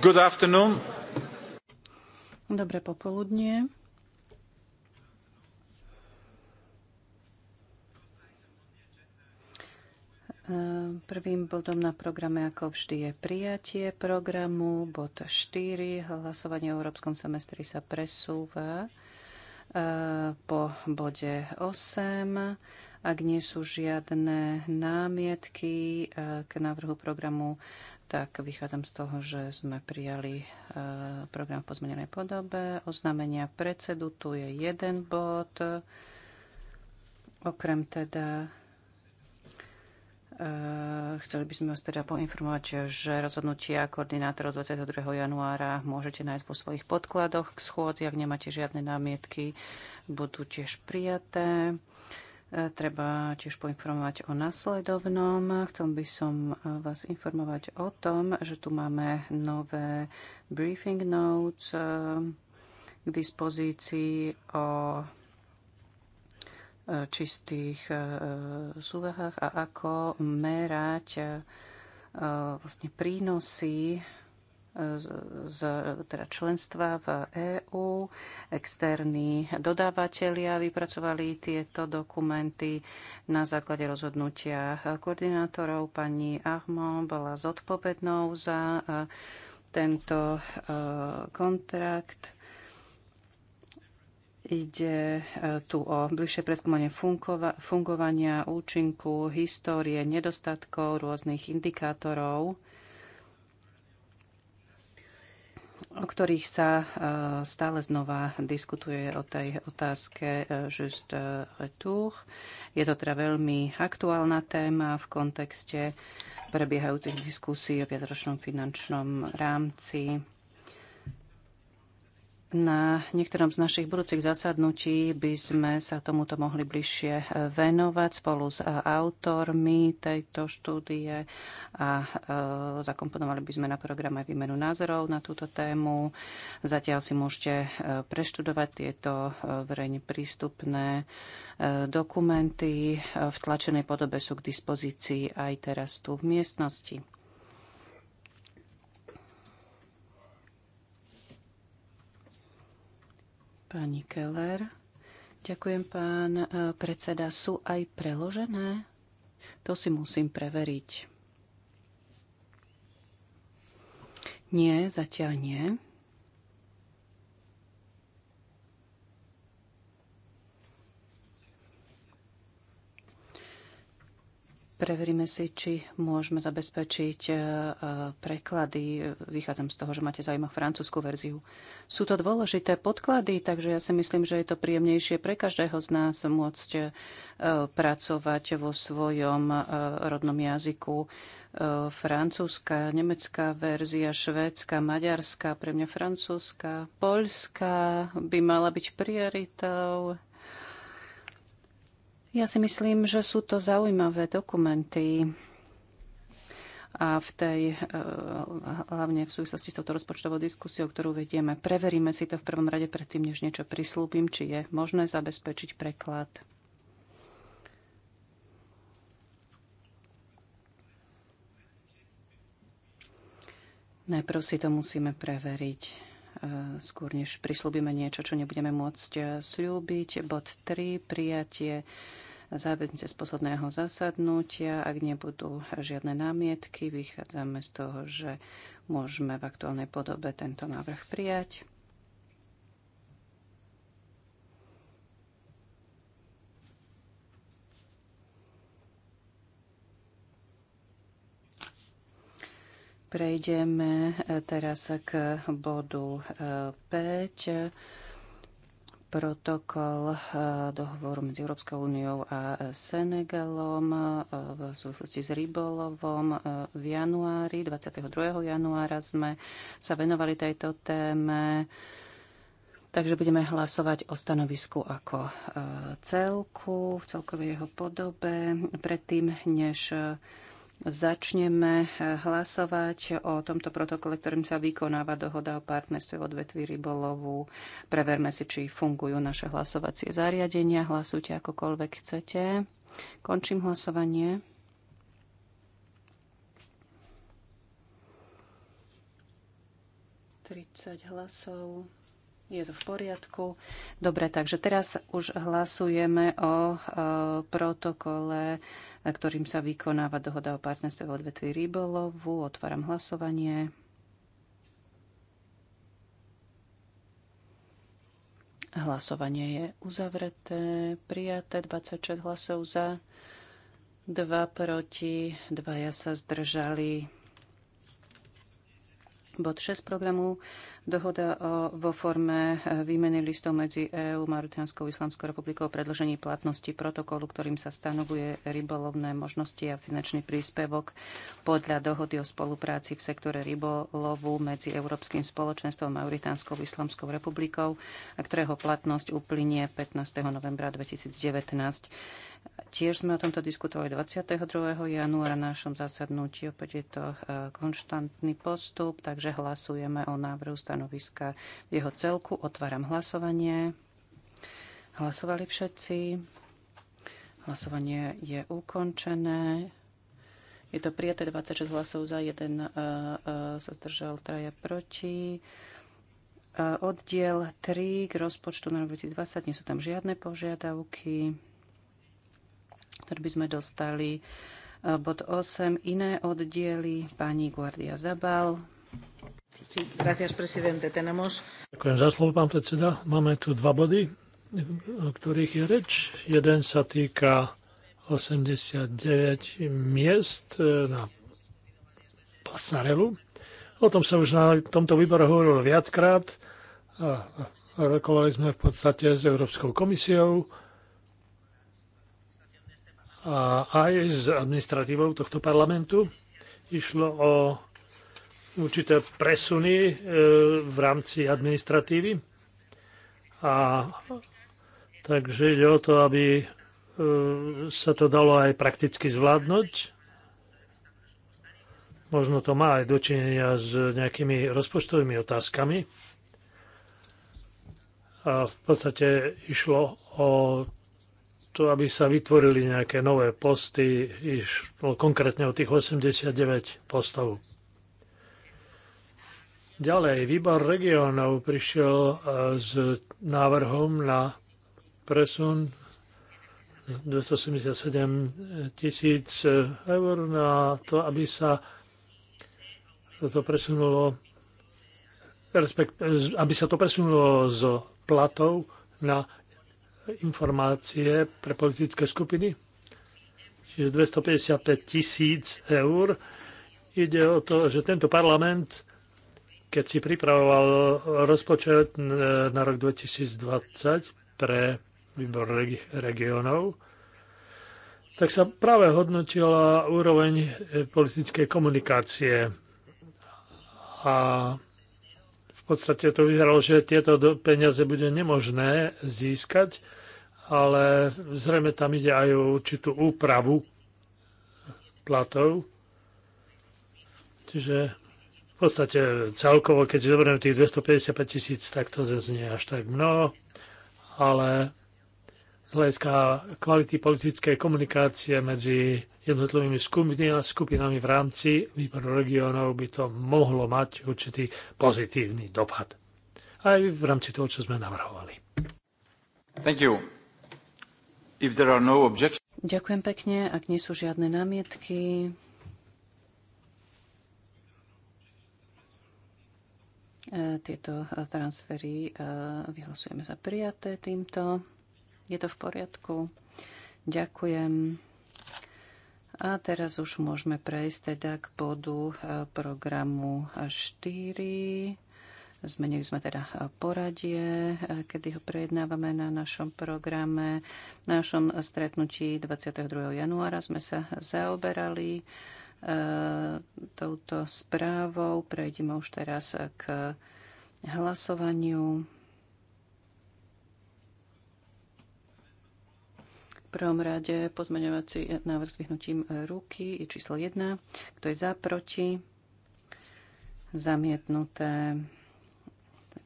Good afternoon. Dobré popoludnie. E, prvým bodom na programe, ako vždy, je prijatie programu. Bod 4. Hlasovanie o Európskom semestri sa presúva e, po bode 8 ak nie sú žiadne námietky e, k návrhu programu, tak vychádzam z toho, že sme prijali e, program v pozmenenej podobe. Oznámenia predsedu, tu je jeden bod. Okrem teda e, chceli by sme vás teda poinformovať, že rozhodnutia koordinátorov z 22. januára môžete nájsť vo svojich podkladoch k schôdzi. Ak nemáte žiadne námietky, budú tiež prijaté. Treba tiež poinformovať o nasledovnom. Chcel by som vás informovať o tom, že tu máme nové briefing notes eh, k dispozícii o eh, čistých eh, súvahách a ako merať vlastne prínosy z, z teda členstva v EÚ. Externí dodávateľia vypracovali tieto dokumenty na základe rozhodnutia koordinátorov. Pani Ahmon bola zodpovednou za e, tento e, kontrakt. Ide e, tu o bližšie preskúmanie fungovania, účinku, histórie, nedostatkov, rôznych indikátorov o ktorých sa e, stále znova diskutuje o tej otázke e, just retour. Je to teda veľmi aktuálna téma v kontexte prebiehajúcich diskusí o viacročnom finančnom rámci na niektorom z našich budúcich zasadnutí by sme sa tomuto mohli bližšie eh, venovať spolu s eh, autormi tejto štúdie a eh, zakomponovali by sme na program aj výmenu názorov na túto tému. Zatiaľ si môžete preštudovať tieto verejne prístupné dokumenty. V tlačenej podobe sú k dispozícii aj teraz tu v miestnosti. Pani Keller. Ďakujem, pán eh, predseda. Sú aj preložené? To si musím preveriť. Nie, zatiaľ nie. Preveríme si, či môžeme zabezpečiť e, e, preklady. Vychádzam z toho, že máte zaujímavú francúzsku verziu. Sú to dôležité podklady, takže ja si myslím, že je to príjemnejšie pre každého z nás môcť e, pracovať vo svojom rodnom jazyku. Francúzska, nemecká verzia, švédska, maďarská, pre mňa francúzska, poľská by mala byť prioritou ja si myslím, že sú to zaujímavé dokumenty a v tej, eh, hlavne v súvislosti s touto rozpočtovou diskusiou, ktorú vedieme, preveríme si to v prvom rade predtým, než niečo prislúbim, či je možné zabezpečiť preklad. Najprv si to musíme preveriť skôr než prislúbime niečo, čo nebudeme môcť eh, slúbiť. Bod 3. Prijatie záväznice z posledného zasadnutia. Ak nebudú žiadne námietky, vychádzame z toho, že môžeme v aktuálnej podobe tento návrh prijať. Prejdeme e, teraz k bodu 5 e, protokol e, dohovoru medzi Európskou úniou a Senegalom v súvislosti s rybolovom v januári, 22. januára sme sa venovali tejto téme. Takže budeme hlasovať o stanovisku ako celku, v celkovej jeho podobe. Predtým, než Začneme eh, hlasovať o tomto protokole, ktorým sa vykonáva dohoda o partnerstve v odvetví rybolovu. Preverme si, či fungujú naše hlasovacie zariadenia. Hlasujte akokoľvek chcete. Končím hlasovanie. hlasov. Je to v poriadku. Dobre, takže teraz už hlasujeme o, o eh, protokole ktorým sa vykonáva dohoda o partnerstve v odvetví rybolovu. Otváram hlasovanie. Hlasovanie je uzavreté. Prijaté 26 hlasov za, 2 proti, 2 ja sa zdržali. Bod 6 programu Dohoda o, eh, vo forme eh, výmeny listov medzi EÚ, Mauritánskou islamskou republikou o predložení platnosti protokolu, ktorým sa stanovuje rybolovné možnosti a finančný príspevok podľa dohody o spolupráci v sektore rybolovu medzi Európskym spoločenstvom a Mauritánskou islamskou republikou, a ktorého platnosť uplynie 15. novembra 2019. Tiež sme o tomto diskutovali 22. januára na našom zasadnutí. Opäť je to eh, konštantný postup, takže hlasujeme o návrhu stanoviska stanoviska v jeho celku. Otváram hlasovanie. Hlasovali všetci. Hlasovanie je ukončené. Je to prijaté 26 hlasov za, jeden uh, uh, sa zdržal, traja proti. Uh, oddiel 3 k rozpočtu na 2020, nie sú tam žiadne požiadavky, ktoré by sme dostali. Bod 8, iné oddiely, pani Guardia Zabal. Ďakujem za slovo, pán predseda. Máme tu dva body, o ktorých je reč. Jeden sa týka 89 miest e, na Pasarelu. O tom sa už na tomto výbore hovorilo viackrát. Rokovali sme v podstate s Európskou komisiou a aj s administratívou tohto parlamentu. Išlo o určité presuny e, v rámci administratívy. A takže ide o to, aby e, sa to dalo aj prakticky zvládnuť. Možno to má aj dočinenia s nejakými rozpočtovými otázkami. A v podstate išlo o to, aby sa vytvorili nejaké nové posty, išlo konkrétne o tých 89 postov. Ďalej, výbor regionov prišiel e, s návrhom na presun 277 tisíc e, eur na to, aby sa to presunulo aby sa to presunulo z platov na informácie pre politické skupiny. Čiže 255 tisíc eur. Ide o to, že tento parlament keď si pripravoval rozpočet e, na rok 2020 pre výbor regionov, tak sa práve hodnotila úroveň e, politickej komunikácie. A v podstate to vyzeralo, že tieto peniaze bude nemožné získať, ale zrejme tam ide aj o určitú úpravu platov. Čiže v podstate celkovo, keď zoberiem tých 255 tisíc, tak to znie až tak mnoho, ale z hľadiska kvality politickej komunikácie medzi jednotlivými skupinami v rámci výboru regionov by to mohlo mať určitý pozitívny dopad. Aj v rámci toho, čo sme navrhovali. Thank you. If there are no objections... Ďakujem pekne. Ak nie sú žiadne námietky, E, tieto e, transfery e, vyhlasujeme za prijaté týmto. Je to v poriadku. Ďakujem. A teraz už môžeme prejsť teda k bodu programu 4. Zmenili sme teda poradie, kedy ho prejednávame na našom programe. Na našom stretnutí 22. januára sme sa zaoberali E, touto správou. Prejdeme už teraz k hlasovaniu. V prvom rade pozmeňovací návrh s vyhnutím ruky je číslo 1. Kto je za, proti? Zamietnuté.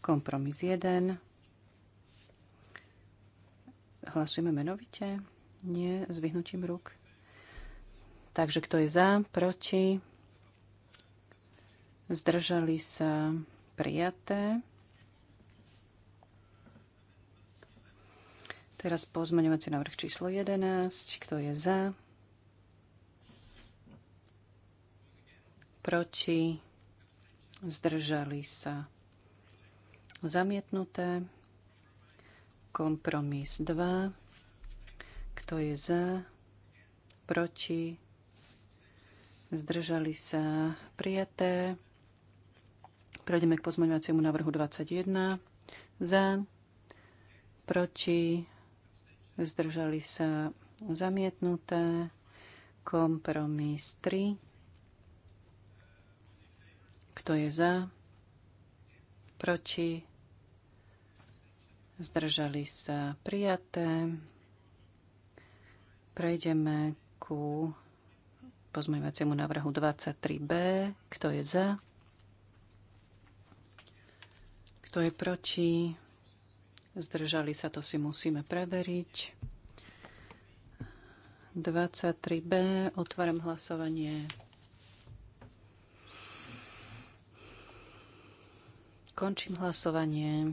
Kompromis 1. Hlasujeme menovite? Nie, s vyhnutím ruk. Takže kto je za, proti? Zdržali sa prijaté. Teraz pozmeňovací návrh číslo 11. Kto je za? Proti? Zdržali sa zamietnuté. Kompromis 2. Kto je za? Proti? zdržali sa prijaté. Prejdeme k pozmeňovaciemu návrhu 21. Za, proti, zdržali sa zamietnuté. Kompromis 3. Kto je za? Proti? Zdržali sa prijaté. Prejdeme ku pozmeňovaciemu návrhu 23b. Kto je za? Kto je proti? Zdržali sa, to si musíme preveriť. 23b. Otváram hlasovanie. Končím hlasovanie.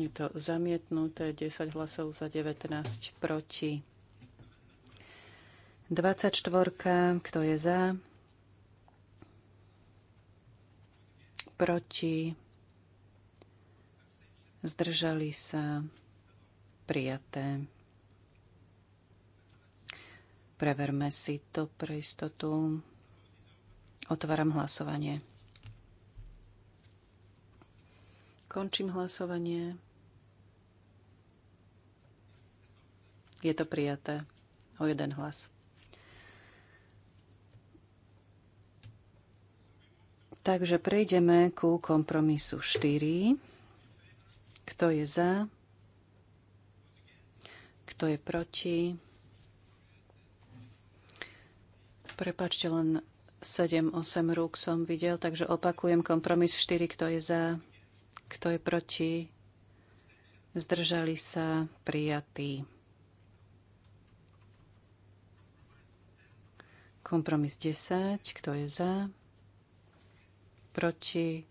Je to zamietnuté. 10 hlasov za 19 proti. 24. Kto je za? Proti? Zdržali sa? Prijaté. Preverme si to pre istotu. Otváram hlasovanie. Končím hlasovanie. Je to prijaté o jeden hlas. Takže prejdeme ku kompromisu 4. Kto je za? Kto je proti? Prepačte, len 7-8 rúk som videl, takže opakujem kompromis 4. Kto je za? Kto je proti? Zdržali sa prijatí. Kompromis 10. Kto je za? proti.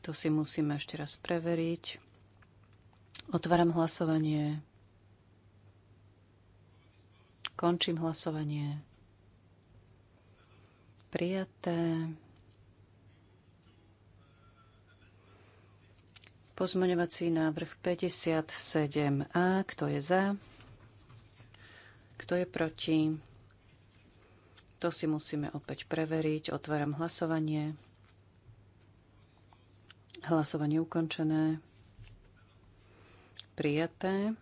To si musíme ešte raz preveriť. Otváram hlasovanie. Končím hlasovanie. Prijaté. Pozmoňovací návrh 57a. Kto je za? Kto je proti? To si musíme opäť preveriť. Otváram hlasovanie. Hlasovanie ukončené. Prijaté.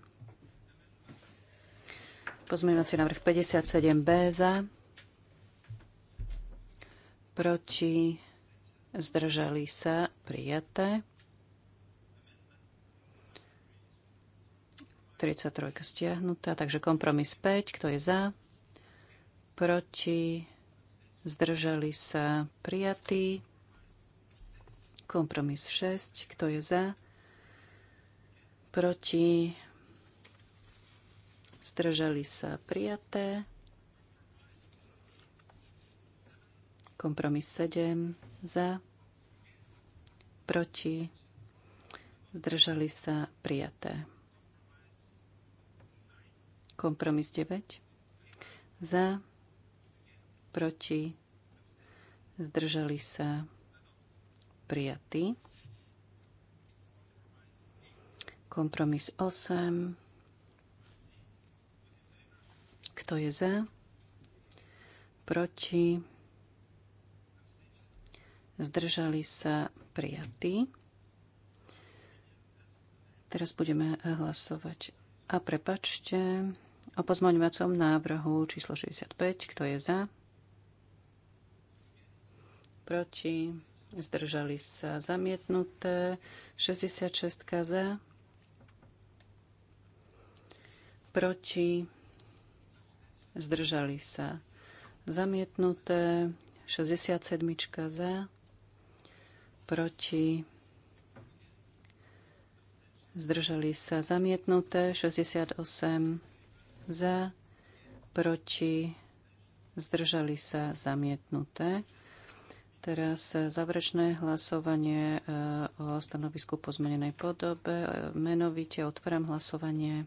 Pozmeňovací návrh 57B za. Proti. Zdržali sa. Prijaté. 33 stiahnutá, takže kompromis 5, kto je za? proti, zdržali sa prijatí. Kompromis 6, kto je za, proti, zdržali sa prijaté. Kompromis 7, za, proti, zdržali sa prijaté. Kompromis 9, za, proti, zdržali sa prijatí. Kompromis 8. Kto je za? Proti? Zdržali sa prijatí. Teraz budeme hlasovať. A prepačte, o pozmoňovacom návrhu číslo 65. Kto je za? proti, zdržali sa zamietnuté, 66 za, proti, zdržali sa zamietnuté, 67 za, proti, zdržali sa zamietnuté, 68 za, proti, zdržali sa zamietnuté. Teraz záverečné hlasovanie eh, o stanovisku po zmenenej podobe. Menovite otváram hlasovanie.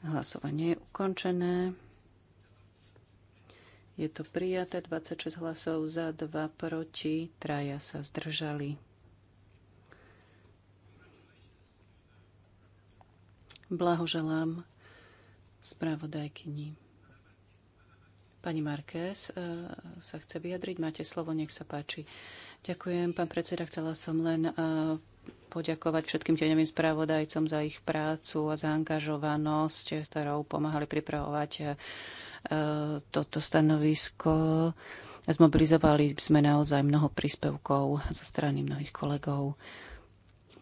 Hlasovanie je ukončené. Je to prijaté 26 hlasov za, 2 proti, traja sa zdržali. Blahoželám spravodajkyni. Pani Markés e, sa chce vyjadriť. Máte slovo, nech sa páči. Ďakujem, pán predseda. Chcela som len e, poďakovať všetkým tieňovým správodajcom za ich prácu a zaangažovanosť, s ktorou pomáhali pripravovať e, toto stanovisko. Zmobilizovali sme naozaj mnoho príspevkov zo strany mnohých kolegov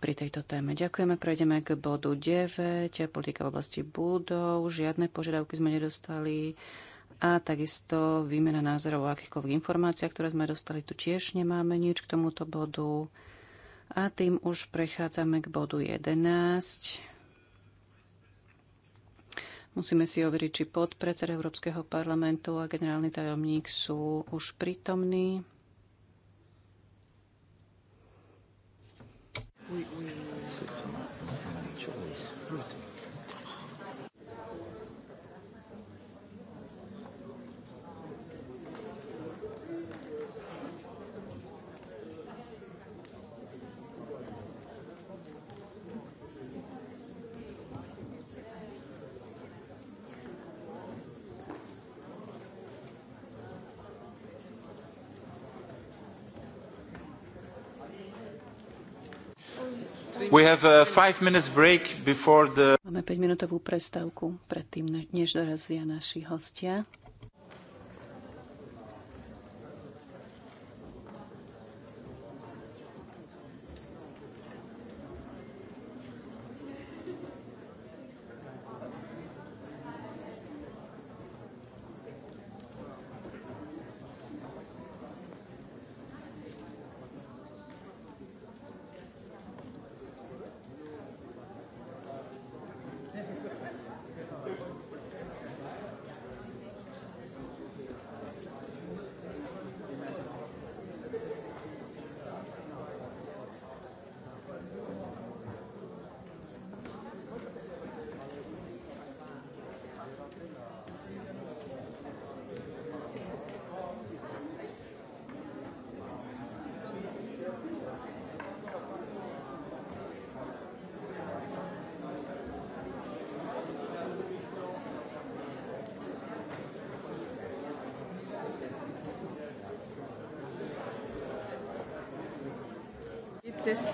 pri tejto téme. Ďakujeme. Prejdeme k bodu 9. Politika v oblasti budov. Žiadne požiadavky sme nedostali a takisto výmena názorov o akýchkoľvek informáciách, ktoré sme dostali, tu tiež nemáme nič k tomuto bodu. A tým už prechádzame k bodu 11. Musíme si overiť, či podpredseda Európskeho parlamentu a generálny tajomník sú už prítomní. Oui, oui. Máme 5-minútovú prestávku predtým, než dorazia naši hostia.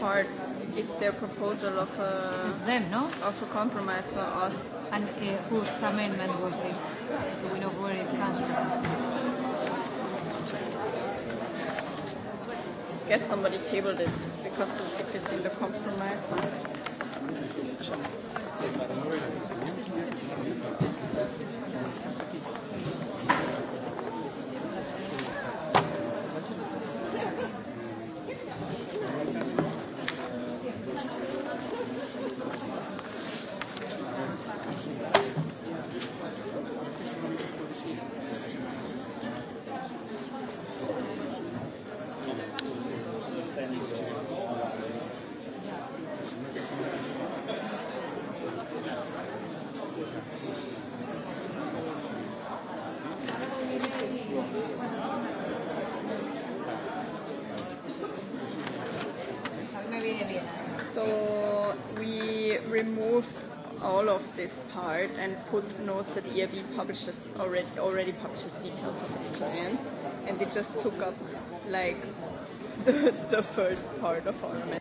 part, it's their proposal of a it's them, no? Of a compromise for us. And uh, whose amendment was this? Do we know where it comes from? I guess somebody tabled it because of if it's in the compromise. put notes that EIB publishes already already publishes details of its clients, and they just took up like the the first part of our.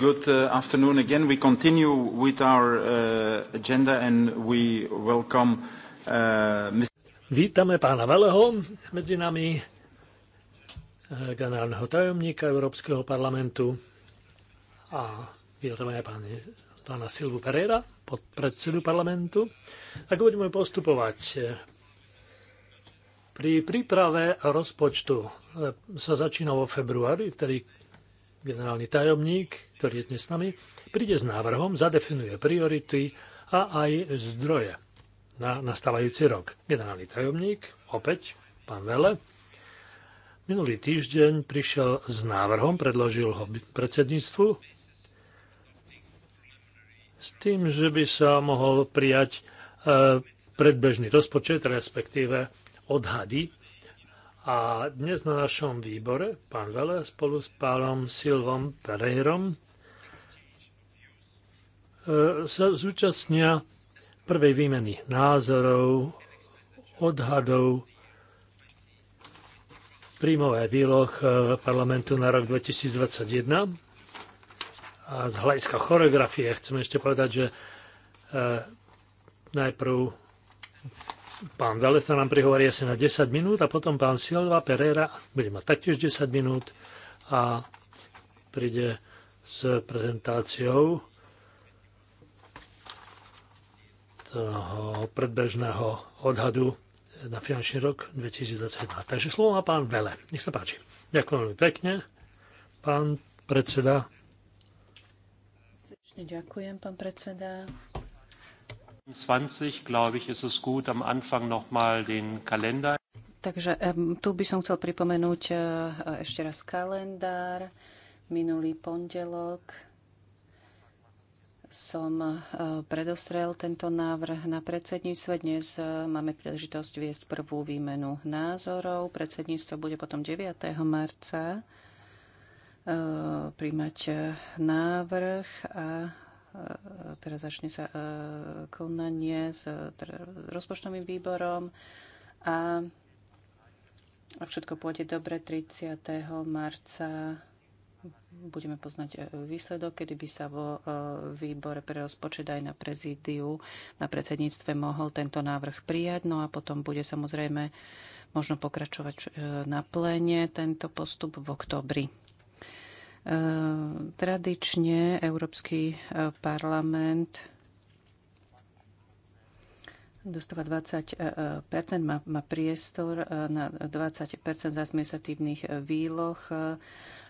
Good uh, afternoon again. We continue with our uh, agenda and we welcome uh, Mr. Vítame pána Veleho medzi nami, uh, generálneho tajomníka Európskeho parlamentu a vítame aj páni, pána Silvu Pereira, podpredsedu parlamentu. Ako budeme postupovať? Uh, pri príprave rozpočtu sa začína vo februári, vtedy generálny tajomník, ktorý je dnes s nami, príde s návrhom, zadefinuje priority a aj zdroje na nastávajúci rok. Generálny tajomník, opäť pán Vele, minulý týždeň prišiel s návrhom, predložil ho predsedníctvu, s tým, že by sa mohol prijať e, predbežný rozpočet, respektíve odhady a dnes na našom výbore pán Vele spolu s pánom Silvom Pereirom e, sa zúčastnia prvej výmeny názorov, odhadov, príjmové výloh e, parlamentu na rok 2021. A z hľadiska choreografie chcem ešte povedať, že e, najprv Pán Vele sa nám prihovorí asi na 10 minút a potom pán Silva Pereira bude mať taktiež 10 minút a príde s prezentáciou toho predbežného odhadu na finančný rok 2021. Takže slovo má pán Vele. Nech sa páči. Ďakujem veľmi pekne. Pán predseda. Srdečne ďakujem, pán predseda. 20, glaube ich, ist es gut, am Anfang mal den Kalender. Takže tu by som chcel pripomenúť e, e, ešte raz kalendár. Minulý pondelok som e, predostrel tento návrh na predsedníctve. Dnes máme príležitosť viesť prvú výmenu názorov. Predsedníctvo bude potom 9. marca príjmať návrh a E, teraz začne sa e, konanie s e, teda rozpočtovým výborom a všetko pôjde dobre 30. marca budeme poznať výsledok, kedy by sa vo výbore pre rozpočet aj na prezídiu, na predsedníctve mohol tento návrh prijať. No a potom bude samozrejme možno pokračovať na pléne tento postup v oktobri. Tradične Európsky e, parlament dostáva 20 e, e, má, má priestor na 20 z administratívnych výloh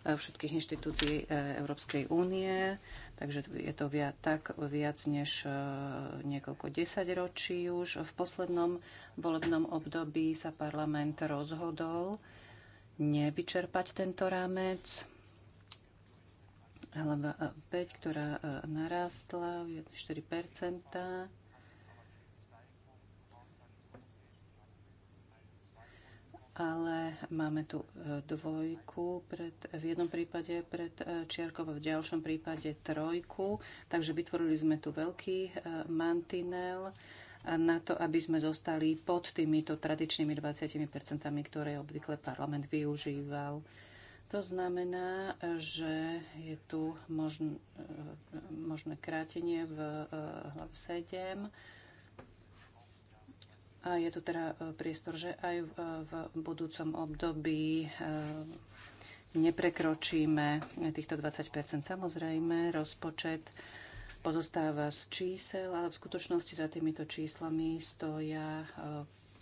všetkých inštitúcií Európskej únie, takže je to viac, tak viac než niekoľko desaťročí už. V poslednom volebnom období sa parlament rozhodol nevyčerpať tento rámec hlava 5, ktorá e, narástla 4 ale máme tu e, dvojku pred, v jednom prípade pred e, čiarkou a v ďalšom prípade trojku. Takže vytvorili sme tu veľký mantinel na to, aby sme zostali pod týmito tradičnými 20%, ktoré obvykle parlament využíval. To znamená, že je tu možn, možné krátenie v eh, hlav 7 a je tu teda eh, priestor, že aj v budúcom období eh, neprekročíme týchto 20 Samozrejme, rozpočet pozostáva z čísel, ale v skutočnosti za týmito číslami stoja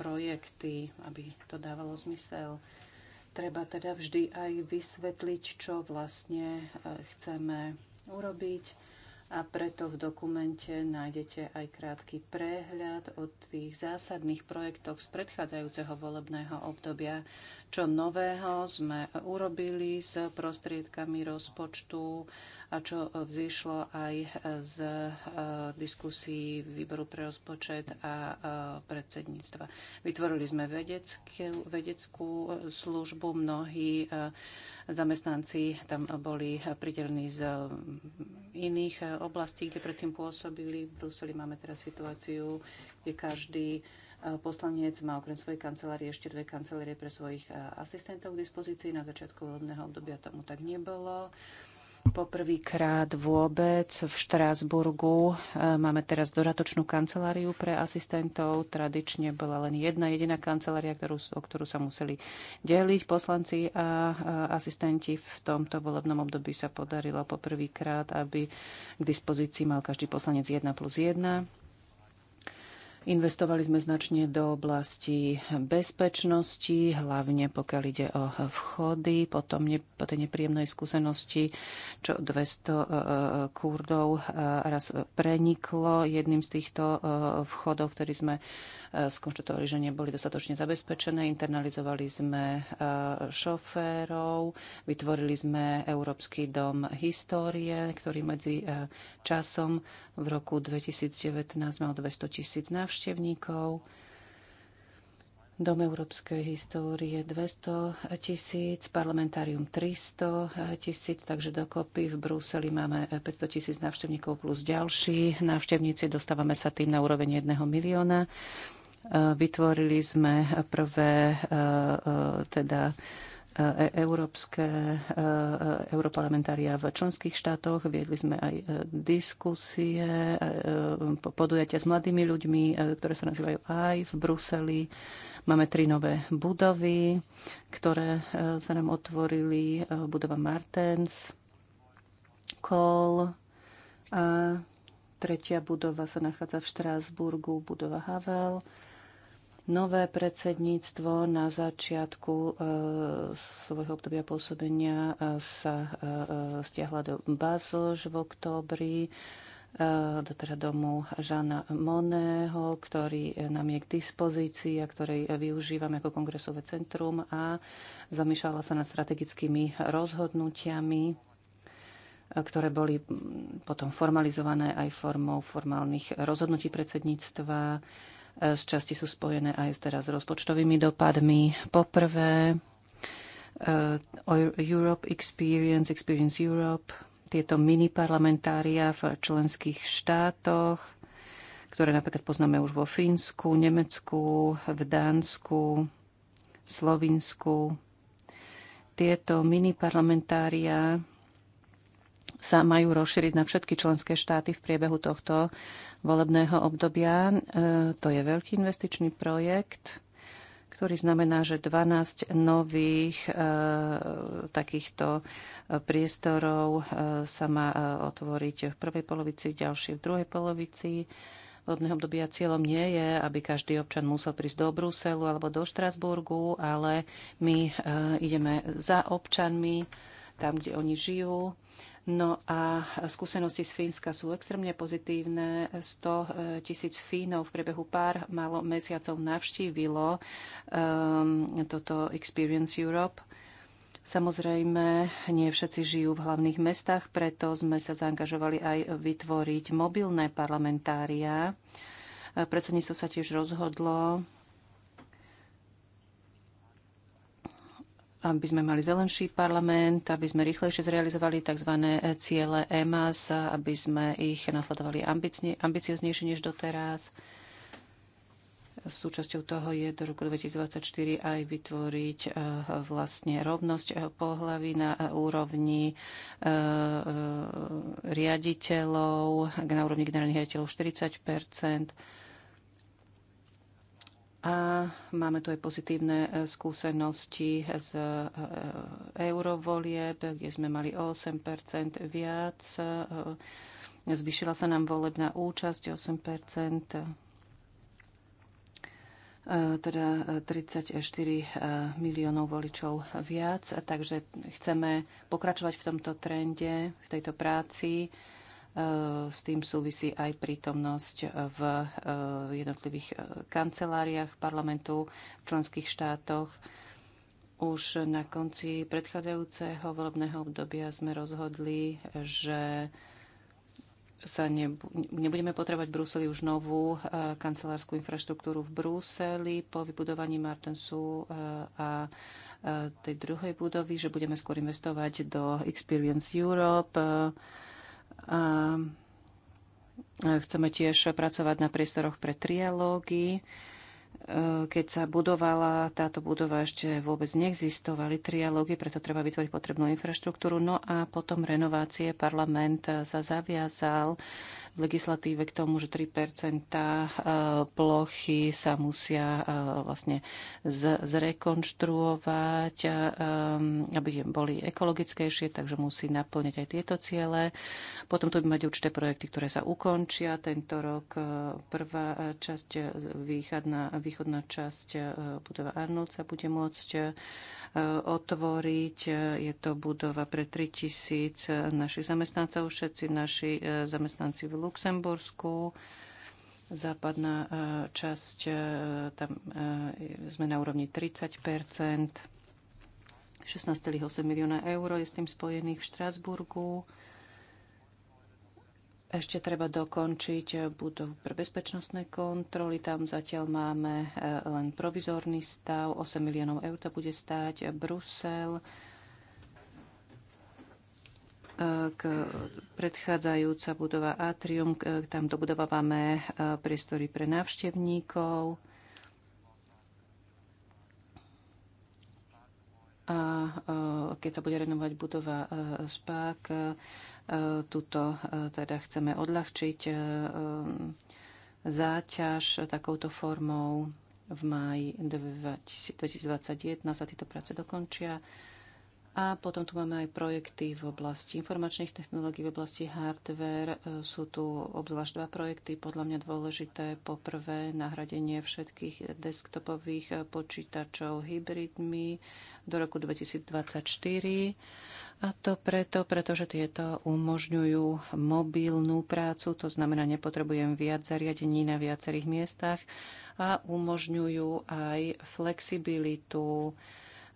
projekty, aby to dávalo zmysel treba teda vždy aj vysvetliť, čo vlastne e, chceme urobiť. A preto v dokumente nájdete aj krátky prehľad o tých zásadných projektoch z predchádzajúceho volebného obdobia, čo nového sme urobili s prostriedkami rozpočtu, a čo vzýšlo aj z e, diskusí výboru pre rozpočet a e, predsedníctva. Vytvorili sme vedeckú, vedeckú službu, mnohí e, zamestnanci tam boli pridelení z mm, iných oblastí, kde predtým pôsobili. V Bruseli máme teraz situáciu, kde každý poslanec má okrem svojej kancelárie ešte dve kancelárie pre svojich asistentov k dispozícii. Na začiatku volebného obdobia tomu tak nebolo. Poprvýkrát vôbec v Štrásburgu e, máme teraz doratočnú kanceláriu pre asistentov. Tradične bola len jedna jediná kancelária, ktorú, o ktorú sa museli deliť poslanci a asistenti. V tomto volebnom období sa podarilo poprvýkrát, aby k dispozícii mal každý poslanec 1 plus 1 Investovali sme značne do oblasti bezpečnosti, hlavne pokiaľ ide o vchody, potom ne, po tej nepríjemnej skúsenosti, čo 200 e, e, Kurdov e, raz preniklo jedným z týchto vchodov, ktorý sme Eh, skonštatovali, že neboli dostatočne zabezpečené. Internalizovali sme eh, šoférov, vytvorili sme Európsky dom histórie, ktorý medzi eh, časom v roku 2019 mal 200 tisíc návštevníkov. Dom európskej histórie 200 tisíc, parlamentárium 300 tisíc, takže dokopy v Bruseli máme 500 tisíc návštevníkov plus ďalší návštevníci. Dostávame sa tým na úroveň 1 milióna. E, vytvorili sme prvé e, e, teda európske europarlamentária v členských štátoch. Viedli sme aj diskusie, podujatia s mladými ľuďmi, ktoré sa nazývajú aj v Bruseli. Máme tri nové budovy, ktoré sa nám otvorili. Budova Martens, Kohl a tretia budova sa nachádza v Štrásburgu, budova Havel nové predsedníctvo na začiatku e, svojho obdobia pôsobenia e, sa e, stiahla do Bazož v októbri do teda domu Žana Moného, ktorý nám je k dispozícii a ktorý využívame ako kongresové centrum a zamýšľala sa nad strategickými rozhodnutiami ktoré boli potom formalizované aj formou formálnych rozhodnutí predsedníctva z časti sú spojené aj s teraz rozpočtovými dopadmi. Poprvé, eh, Europe Experience, Experience Europe, tieto mini parlamentária v členských štátoch, ktoré napríklad poznáme už vo Fínsku, Nemecku, v Dánsku, Slovinsku. Tieto mini parlamentária sa majú rozšíriť na všetky členské štáty v priebehu tohto volebného obdobia. E, to je veľký investičný projekt, ktorý znamená, že 12 nových e, takýchto e, priestorov e, sa má e, otvoriť v prvej polovici, ďalšie v druhej polovici volebného obdobia cieľom nie je, aby každý občan musel prísť do Bruselu alebo do Štrasburgu, ale my e, ideme za občanmi, tam, kde oni žijú. No a skúsenosti z Fínska sú extrémne pozitívne. 100 eh, tisíc Fínov v priebehu pár málo mesiacov navštívilo um, toto Experience Europe. Samozrejme, nie všetci žijú v hlavných mestách, preto sme sa zaangažovali aj vytvoriť mobilné parlamentária. Eh, predsedníctvo sa tiež rozhodlo aby sme mali zelenší parlament, aby sme rýchlejšie zrealizovali tzv. ciele EMAS, aby sme ich nasledovali ambicioznejšie než doteraz. Súčasťou toho je do roku 2024 aj vytvoriť eh, vlastne rovnosť eh, pohlaví na eh, úrovni riaditeľov, na úrovni generálnych riaditeľov 40 a máme tu aj pozitívne e, skúsenosti z e, e, eurovolieb, kde sme mali o 8 viac. Zvyšila sa nám volebná účasť 8 teda 34 miliónov voličov viac. Takže chceme pokračovať v tomto trende, v tejto práci Eh, s tým súvisí aj prítomnosť eh, v eh, jednotlivých kanceláriách parlamentu v členských štátoch. Už na konci predchádzajúceho volebného obdobia sme rozhodli, že sa nebudeme potrebovať v Bruseli už novú kancelárskú infraštruktúru v Bruseli po vybudovaní Martensu a tej druhej budovy, že budeme skôr investovať do Experience Europe, a chceme tiež pracovať na priestoroch pre trialógy. E, keď sa budovala táto budova, ešte vôbec neexistovali trialógy, preto treba vytvoriť potrebnú infraštruktúru. No a potom renovácie parlament sa zaviazal v legislatíve k tomu, že 3 e, plochy sa musia e, vlastne zrekonštruovať, e, aby boli ekologickejšie, takže musí naplňať aj tieto ciele. Potom tu by mať určité projekty, ktoré sa ukončia. Tento rok prvá časť, východná, východná časť budova Arnold sa bude môcť otvoriť. Je to budova pre 3000 našich zamestnancov. Všetci naši zamestnanci v Luxembursku. Západná e, časť, e, tam e, sme na úrovni 30 16,8 milióna eur je s tým spojených v Štrásburgu. Ešte treba dokončiť budovu pre bezpečnostné kontroly. Tam zatiaľ máme len provizorný stav. 8 miliónov eur to bude stáť. Brusel k predchádzajúca budova Atrium, tam dobudovávame e, priestory pre návštevníkov. A e, keď sa bude renovať budova e, SPAK, tuto teda chceme odľahčiť záťaž takouto formou. V máji 2021 sa tieto práce dokončia. A potom tu máme aj projekty v oblasti informačných technológií, v oblasti hardware. E, sú tu obzvlášť dva projekty, podľa mňa dôležité. Poprvé, nahradenie všetkých desktopových počítačov hybridmi do roku 2024. A to preto, pretože tieto umožňujú mobilnú prácu, to znamená, nepotrebujem viac zariadení na viacerých miestach a umožňujú aj flexibilitu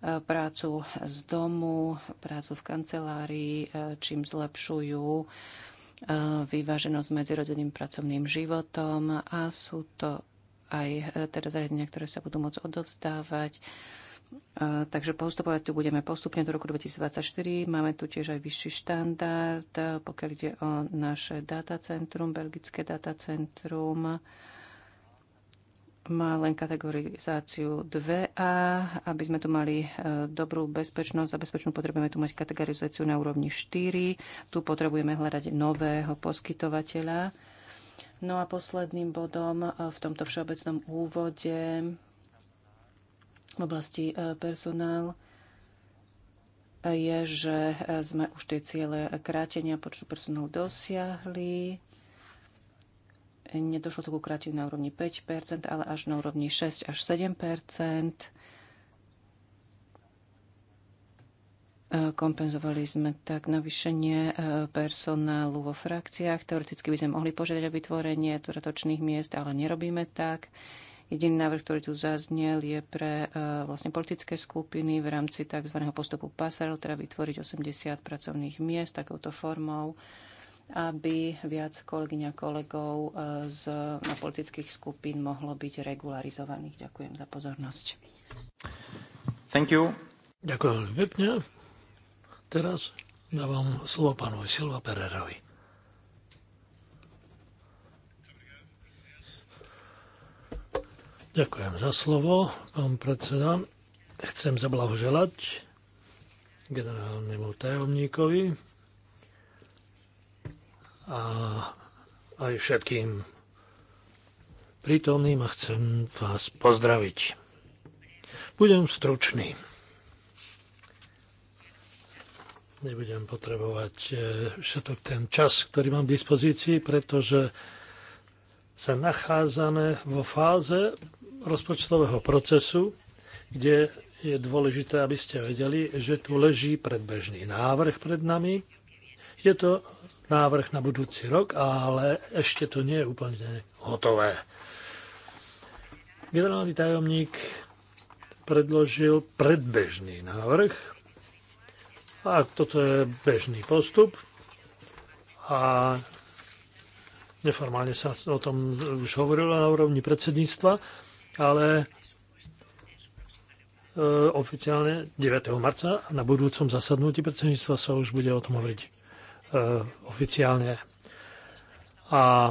prácu z domu, prácu v kancelárii, e, čím zlepšujú e, vyváženosť medzi rodinným pracovným životom a sú to aj e, teda zariadenia, ktoré sa budú môcť odovzdávať. Takže postupovať tu budeme postupne do roku 2024. Máme tu tiež aj vyšší štandard, pokiaľ ide o naše datacentrum, belgické datacentrum. centrum má len kategorizáciu 2A. Aby sme tu mali e, dobrú bezpečnosť a bezpečnú, potrebujeme tu mať kategorizáciu na úrovni 4. Tu potrebujeme hľadať nového poskytovateľa. No a posledným bodom e, v tomto všeobecnom úvode v oblasti e, personál je, že sme už tie ciele krátenia počtu personálu dosiahli nedošlo to k ukratiu na úrovni 5 ale až na úrovni 6 až 7 e, Kompenzovali sme tak navýšenie e, personálu vo frakciách. Teoreticky by sme mohli požiadať o vytvorenie dodatočných miest, ale nerobíme tak. Jediný návrh, ktorý tu zaznel, je pre e, vlastne politické skupiny v rámci tzv. postupu PASAR, teda vytvoriť 80 pracovných miest takouto formou aby viac kolegyň a kolegov e, z, na politických skupín mohlo byť regularizovaných. Ďakujem za pozornosť. Thank you. Ďakujem pekne. Teraz dávam slovo pánu Silva Pererovi. Ďakujem za slovo, pán predseda. Chcem zablahoželať generálnemu tajomníkovi a aj všetkým prítomným a chcem vás pozdraviť. Budem stručný. Nebudem potrebovať e, všetok ten čas, ktorý mám v dispozícii, pretože sa nachádzame vo fáze rozpočtového procesu, kde je dôležité, aby ste vedeli, že tu leží predbežný návrh pred nami, je to návrh na budúci rok, ale ešte to nie je úplne hotové. Generálny tajomník predložil predbežný návrh a toto je bežný postup a neformálne sa o tom už hovorilo na úrovni predsedníctva, ale e, oficiálne 9. marca na budúcom zasadnutí predsedníctva sa už bude o tom hovoriť. E, oficiálne. A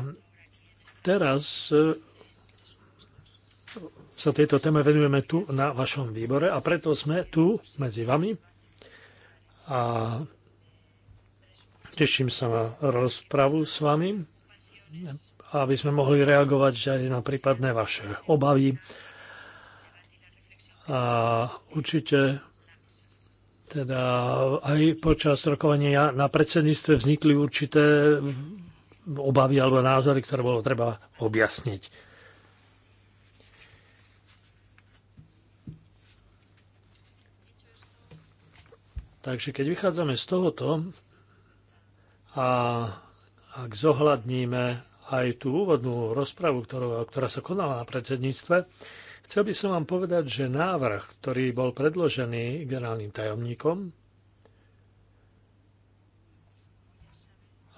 teraz e, sa tejto téme venujeme tu na vašom výbore a preto sme tu medzi vami a teším sa na rozpravu s vami, aby sme mohli reagovať aj na prípadné vaše obavy. A určite teda aj počas rokovania na predsedníctve vznikli určité obavy alebo názory, ktoré bolo treba objasniť. Takže keď vychádzame z tohoto a ak zohľadníme aj tú úvodnú rozpravu, ktorú, ktorá sa konala na predsedníctve, Chcel by som vám povedať, že návrh, ktorý bol predložený generálnym tajomníkom,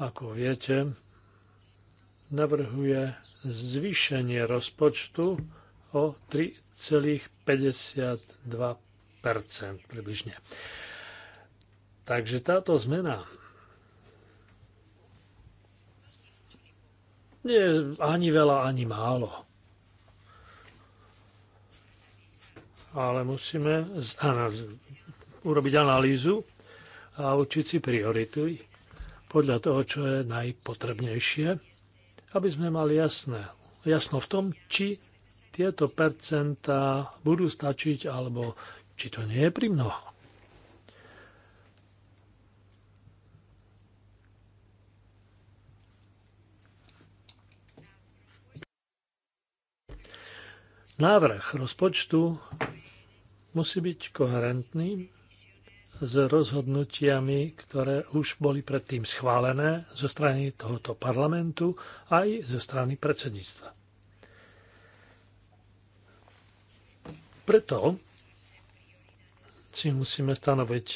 ako viete, navrhuje zvýšenie rozpočtu o 3,52 približne. Takže táto zmena nie je ani veľa, ani málo. ale musíme urobiť analýzu a určiť si priority podľa toho, čo je najpotrebnejšie, aby sme mali jasné, jasno v tom, či tieto percentá budú stačiť, alebo či to nie je primnoho. Návrh rozpočtu musí byť koherentný s rozhodnutiami, ktoré už boli predtým schválené zo strany tohoto parlamentu aj zo strany predsedníctva. Preto si musíme stanoviť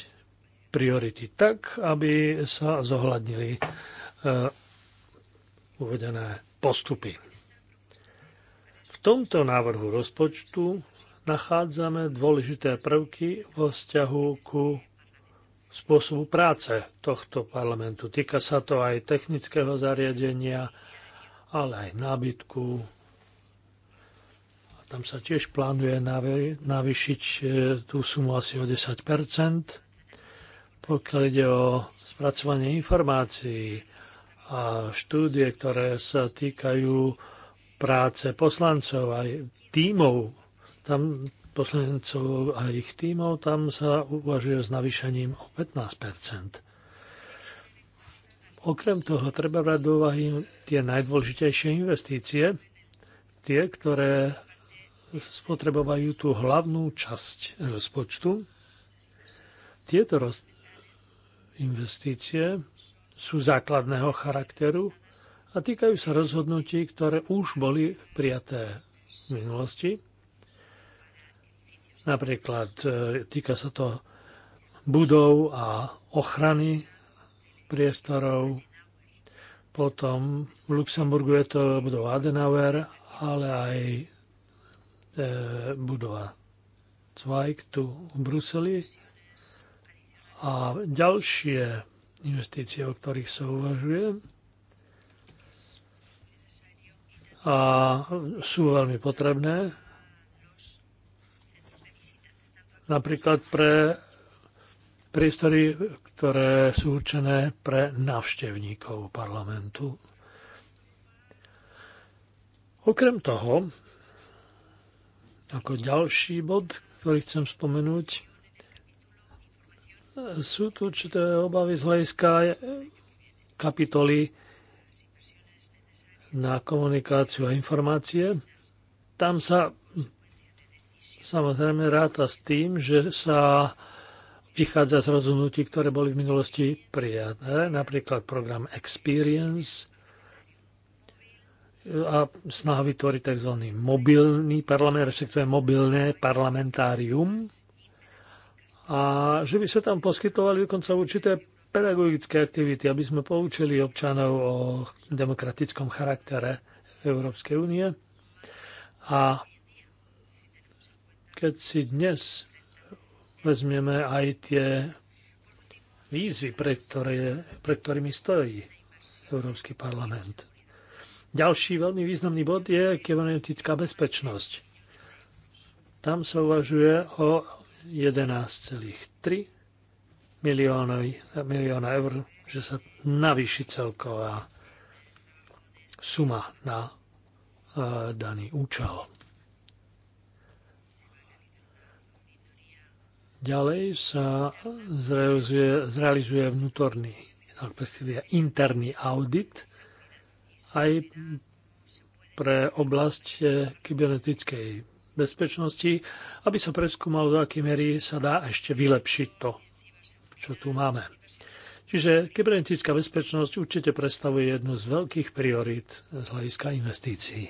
priority tak, aby sa zohľadnili e, uvedené postupy. V tomto návrhu rozpočtu nachádzame dôležité prvky vo vzťahu ku spôsobu práce tohto parlamentu. Týka sa to aj technického zariadenia, ale aj nábytku. A tam sa tiež plánuje navýšiť e, tú sumu asi o 10 pokiaľ ide o spracovanie informácií a štúdie, ktoré sa týkajú práce poslancov aj tímov tam poslancov a ich tímov, tam sa uvažuje s navýšením o 15 Okrem toho treba brať do úvahy tie najdôležitejšie investície, tie, ktoré spotrebovajú tú hlavnú časť rozpočtu. Tieto roz... investície sú základného charakteru a týkajú sa rozhodnutí, ktoré už boli prijaté v minulosti Napríklad e, týka sa to budov a ochrany priestorov. Potom v Luxemburgu je to budova Adenauer, ale aj e, budova Zweig tu v Bruseli. A ďalšie investície, o ktorých sa uvažuje, a sú veľmi potrebné napríklad pre priestory, ktoré sú určené pre navštevníkov parlamentu. Okrem toho, ako ďalší bod, ktorý chcem spomenúť, sú tu určité obavy z hľadiska kapitoly na komunikáciu a informácie. Tam sa samozrejme ráta s tým, že sa vychádza z rozhodnutí, ktoré boli v minulosti prijaté, napríklad program Experience a snaha vytvoriť tzv. mobilný parlament, respektíve mobilné parlamentárium a že by sa tam poskytovali dokonca určité pedagogické aktivity, aby sme poučili občanov o demokratickom charaktere Európskej únie. A keď si dnes vezmeme aj tie výzvy, pre, ktoré, pre ktorými stojí Európsky parlament. Ďalší veľmi významný bod je kybernetická bezpečnosť. Tam sa uvažuje o 11,3 miliónov, milióna eur, že sa navýši celková suma na eh, daný účel. Ďalej sa zrealizuje, zrealizuje vnútorný, respektíve interný audit aj pre oblasť eh, kybernetickej bezpečnosti, aby sa preskúmalo, do akej mery sa dá ešte vylepšiť to, čo tu máme. Čiže kybernetická bezpečnosť určite predstavuje jednu z veľkých priorít z hľadiska investícií.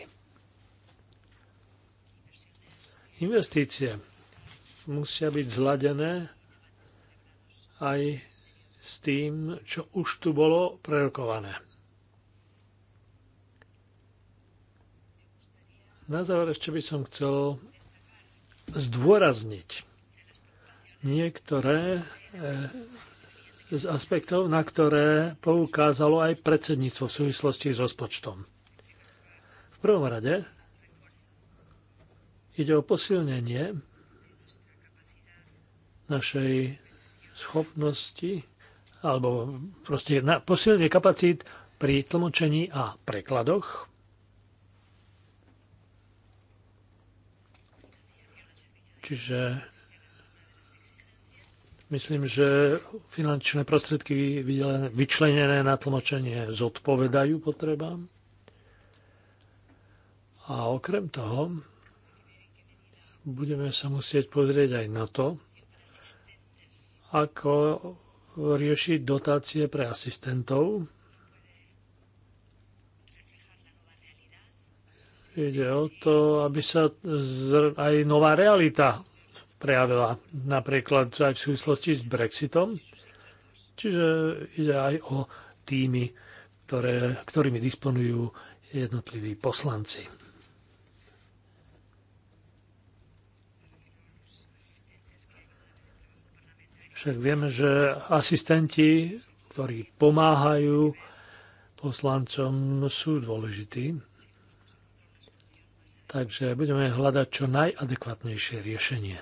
Investície musia byť zladené aj s tým, čo už tu bolo prerokované. Na záver ešte by som chcel zdôrazniť niektoré eh, z aspektov, na ktoré poukázalo aj predsedníctvo v súvislosti s rozpočtom. V prvom rade ide o posilnenie našej schopnosti alebo proste na posilnenie kapacít pri tlmočení a prekladoch. Čiže myslím, že finančné prostriedky vyčlenené na tlmočenie zodpovedajú potrebám. A okrem toho budeme sa musieť pozrieť aj na to, ako riešiť dotácie pre asistentov. Ide o to, aby sa aj nová realita prejavila, napríklad aj v súvislosti s Brexitom. Čiže ide aj o týmy, ktoré, ktorými disponujú jednotliví poslanci. Však vieme, že asistenti, ktorí pomáhajú poslancom, sú dôležití. Takže budeme hľadať čo najadekvátnejšie riešenie.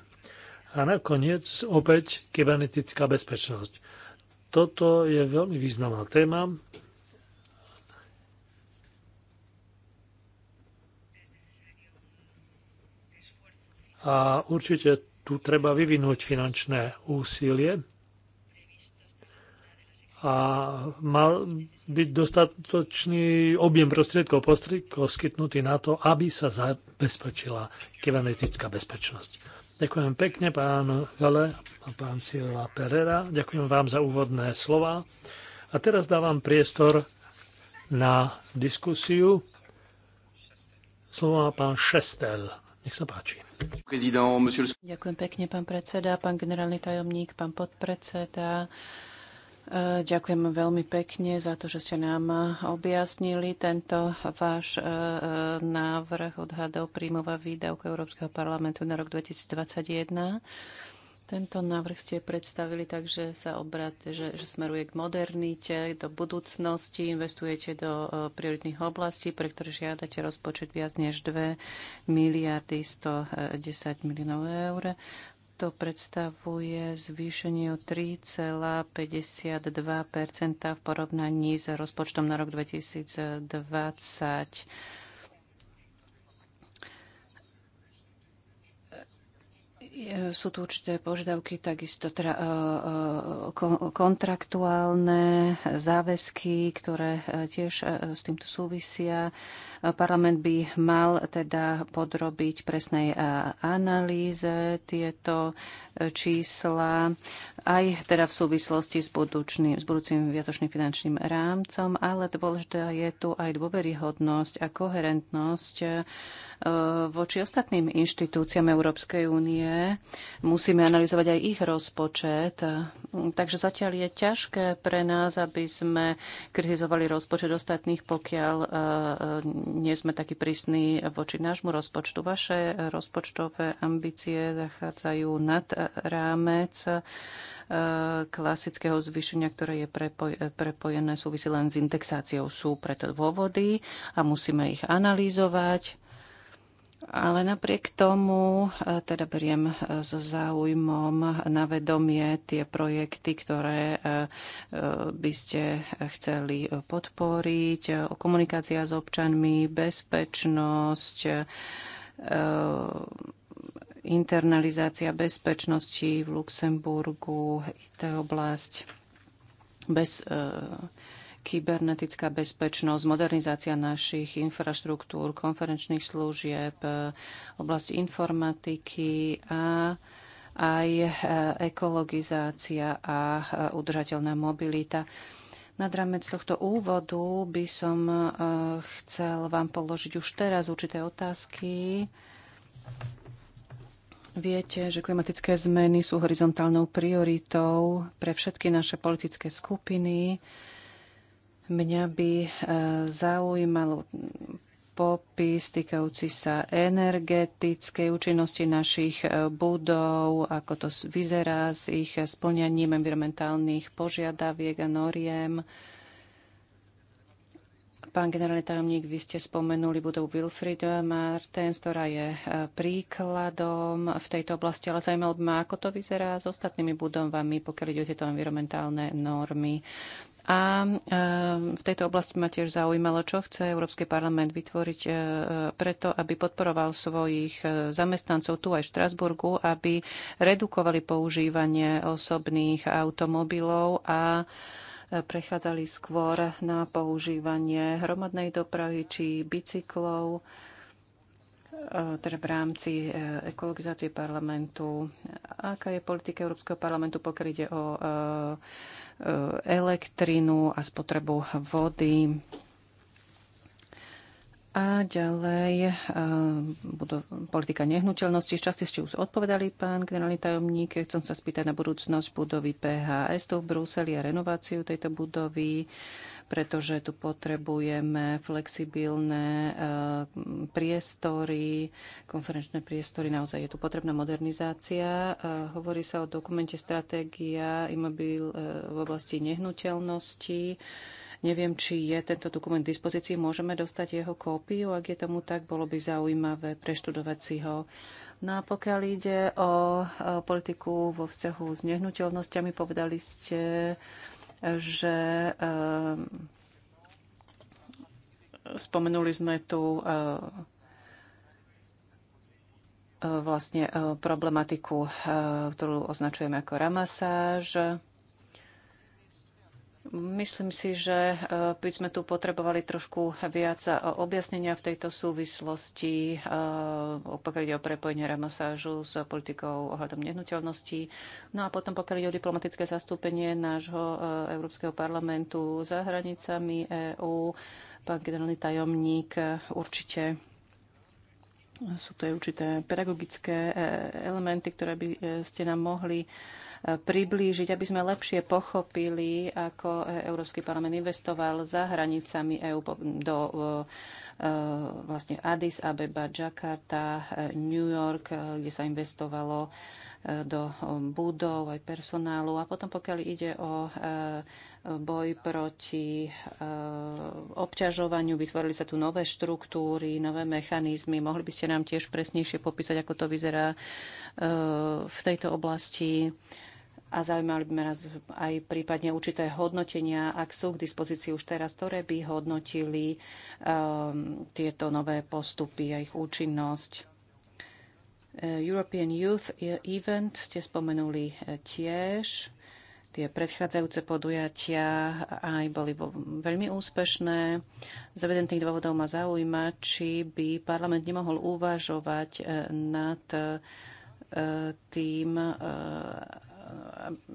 A nakoniec opäť kybernetická bezpečnosť. Toto je veľmi významná téma, a určite tu treba vyvinúť finančné úsilie a mal byť dostatočný objem prostriedkov poskytnutý na to, aby sa zabezpečila kybernetická bezpečnosť. Ďakujem pekne, pán Vele a pán Silva Perera. Ďakujem vám za úvodné slova. A teraz dávam priestor na diskusiu. Slovo má pán Šestel. Nech sa páči. Ďakujem pekne, pán predseda, pán generálny tajomník, pán podpredseda. E, ďakujem veľmi pekne za to, že ste nám objasnili tento váš e, e, návrh odhadov príjmov a výdavkov Európskeho parlamentu na rok 2021. Tento návrh ste predstavili tak, že sa obrat, že, že smeruje k modernite, do budúcnosti, investujete do e, prioritných oblastí, pre ktoré žiadate rozpočet viac než 2 miliardy 110 e, miliónov eur. To predstavuje zvýšenie o 3,52 v porovnaní s rozpočtom na rok 2020 E, sú tu určité požiadavky, takisto teda, e, e, kontraktuálne záväzky, ktoré tiež s týmto súvisia. Parlament by mal teda podrobiť presnej analýze tieto e, čísla aj teda v súvislosti s, budúčným, s budúcim viatočným finančným rámcom, ale dôležitá je tu aj dôveryhodnosť a koherentnosť e, voči ostatným inštitúciám Európskej únie. Musíme analyzovať aj ich rozpočet. Takže zatiaľ je ťažké pre nás, aby sme kritizovali rozpočet ostatných, pokiaľ e, nie sme takí prísni voči nášmu rozpočtu. Vaše rozpočtové ambície zachádzajú nad rámec eh, klasického zvýšenia, ktoré je prepoj, prepojené súvisí len s indexáciou. Sú preto dôvody a musíme ich analýzovať ale napriek tomu e, teda beriem e, so záujmom na vedomie tie projekty, ktoré e, by ste chceli podporiť. Komunikácia s občanmi, bezpečnosť, internalizácia bezpečnosti v Luxemburgu, IT oblasť, bez kybernetická bezpečnosť, modernizácia našich infraštruktúr, konferenčných služieb, oblasti informatiky a aj eh, ekologizácia a eh, udržateľná mobilita. Nad rámec tohto úvodu by som eh, chcel vám položiť už teraz určité otázky. Viete, že klimatické zmeny sú horizontálnou prioritou pre všetky naše politické skupiny. Mňa by e, zaujímalo popis týkajúci sa energetickej účinnosti našich e, budov, ako to vyzerá s ich splňaním environmentálnych požiadaviek a noriem. Pán generálny tajomník, vy ste spomenuli budovu Wilfried Martens, ktorá je e, príkladom v tejto oblasti, ale zaujímalo by ma, ako to vyzerá s ostatnými budovami, pokiaľ ide o tieto environmentálne normy. A ehm, v tejto oblasti ma tiež zaujímalo, čo chce Európsky parlament vytvoriť e, e, preto, aby podporoval svojich e, zamestnancov tu aj v Štrasburgu, aby redukovali používanie osobných automobilov a prechádzali skôr na používanie hromadnej dopravy či bicyklov teda v rámci ekologizácie parlamentu. Aká je politika Európskeho parlamentu, pokiaľ ide o E, elektrinu a spotrebu vody. A ďalej e, budú politika nehnuteľnosti. Časti ste už odpovedali, pán generálny tajomník. Chcem sa spýtať na budúcnosť budovy PHS tu v Bruseli a renováciu tejto budovy pretože tu potrebujeme flexibilné eh, priestory, konferenčné priestory. Naozaj je tu potrebná modernizácia. Eh, hovorí sa o dokumente Stratégia imobil eh, v oblasti nehnuteľnosti. Neviem, či je tento dokument k dispozícii. Môžeme dostať jeho kópiu. Ak je tomu tak, bolo by zaujímavé preštudovať si ho. No a pokiaľ ide o politiku vo vzťahu s nehnuteľnosťami, povedali ste, že eh, spomenuli sme tu eh, eh, vlastne problematiku, ktorú označujeme ako ramasáž. Myslím si, že eh, by sme tu potrebovali trošku viac eh, objasnenia v tejto súvislosti, eh, pokiaľ ide o prepojenie remasážu s politikou ohľadom nehnuteľností. No a potom pokiaľ ide o diplomatické zastúpenie nášho Európskeho parlamentu za hranicami EÚ, pán generálny tajomník určite sú to aj určité pedagogické elementy, ktoré by ste nám mohli priblížiť, aby sme lepšie pochopili, ako Európsky parlament investoval za hranicami EÚ do e, e, vlastne Addis Abeba, Jakarta, New York, e, kde sa investovalo do budov, aj personálu. A potom, pokiaľ ide o boj proti obťažovaniu, vytvorili sa tu nové štruktúry, nové mechanizmy. Mohli by ste nám tiež presnejšie popísať, ako to vyzerá v tejto oblasti a zaujímali by ma aj prípadne určité hodnotenia, ak sú k dispozícii už teraz, ktoré by hodnotili um, tieto nové postupy a ich účinnosť. Eh, European Youth e- Event ste spomenuli eh, tiež. Tie predchádzajúce podujatia aj boli veľmi úspešné. Z evidentných dôvodov ma zaujíma, či by parlament nemohol uvažovať eh, nad tým,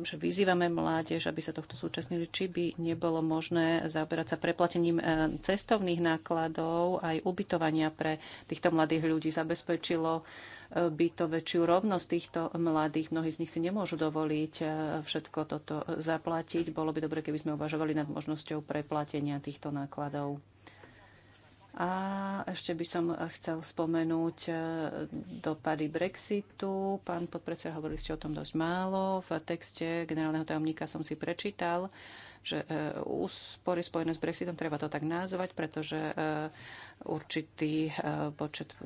že vyzývame mládež, aby sa tohto súčasnili, či by nebolo možné zaoberať sa preplatením e, cestovných nákladov aj ubytovania pre týchto mladých ľudí. Zabezpečilo e, by to väčšiu rovnosť týchto mladých. Mnohí z nich si nemôžu dovoliť e, všetko toto zaplatiť. Bolo by dobre, keby sme uvažovali nad možnosťou preplatenia týchto nákladov. A ešte by som chcel spomenúť e, dopady Brexitu. Pán podpredseda, hovorili ste o tom dosť málo. V texte generálneho tajomníka som si prečítal, že e, úspory spojené s Brexitom, treba to tak nazvať, pretože e, určitý počet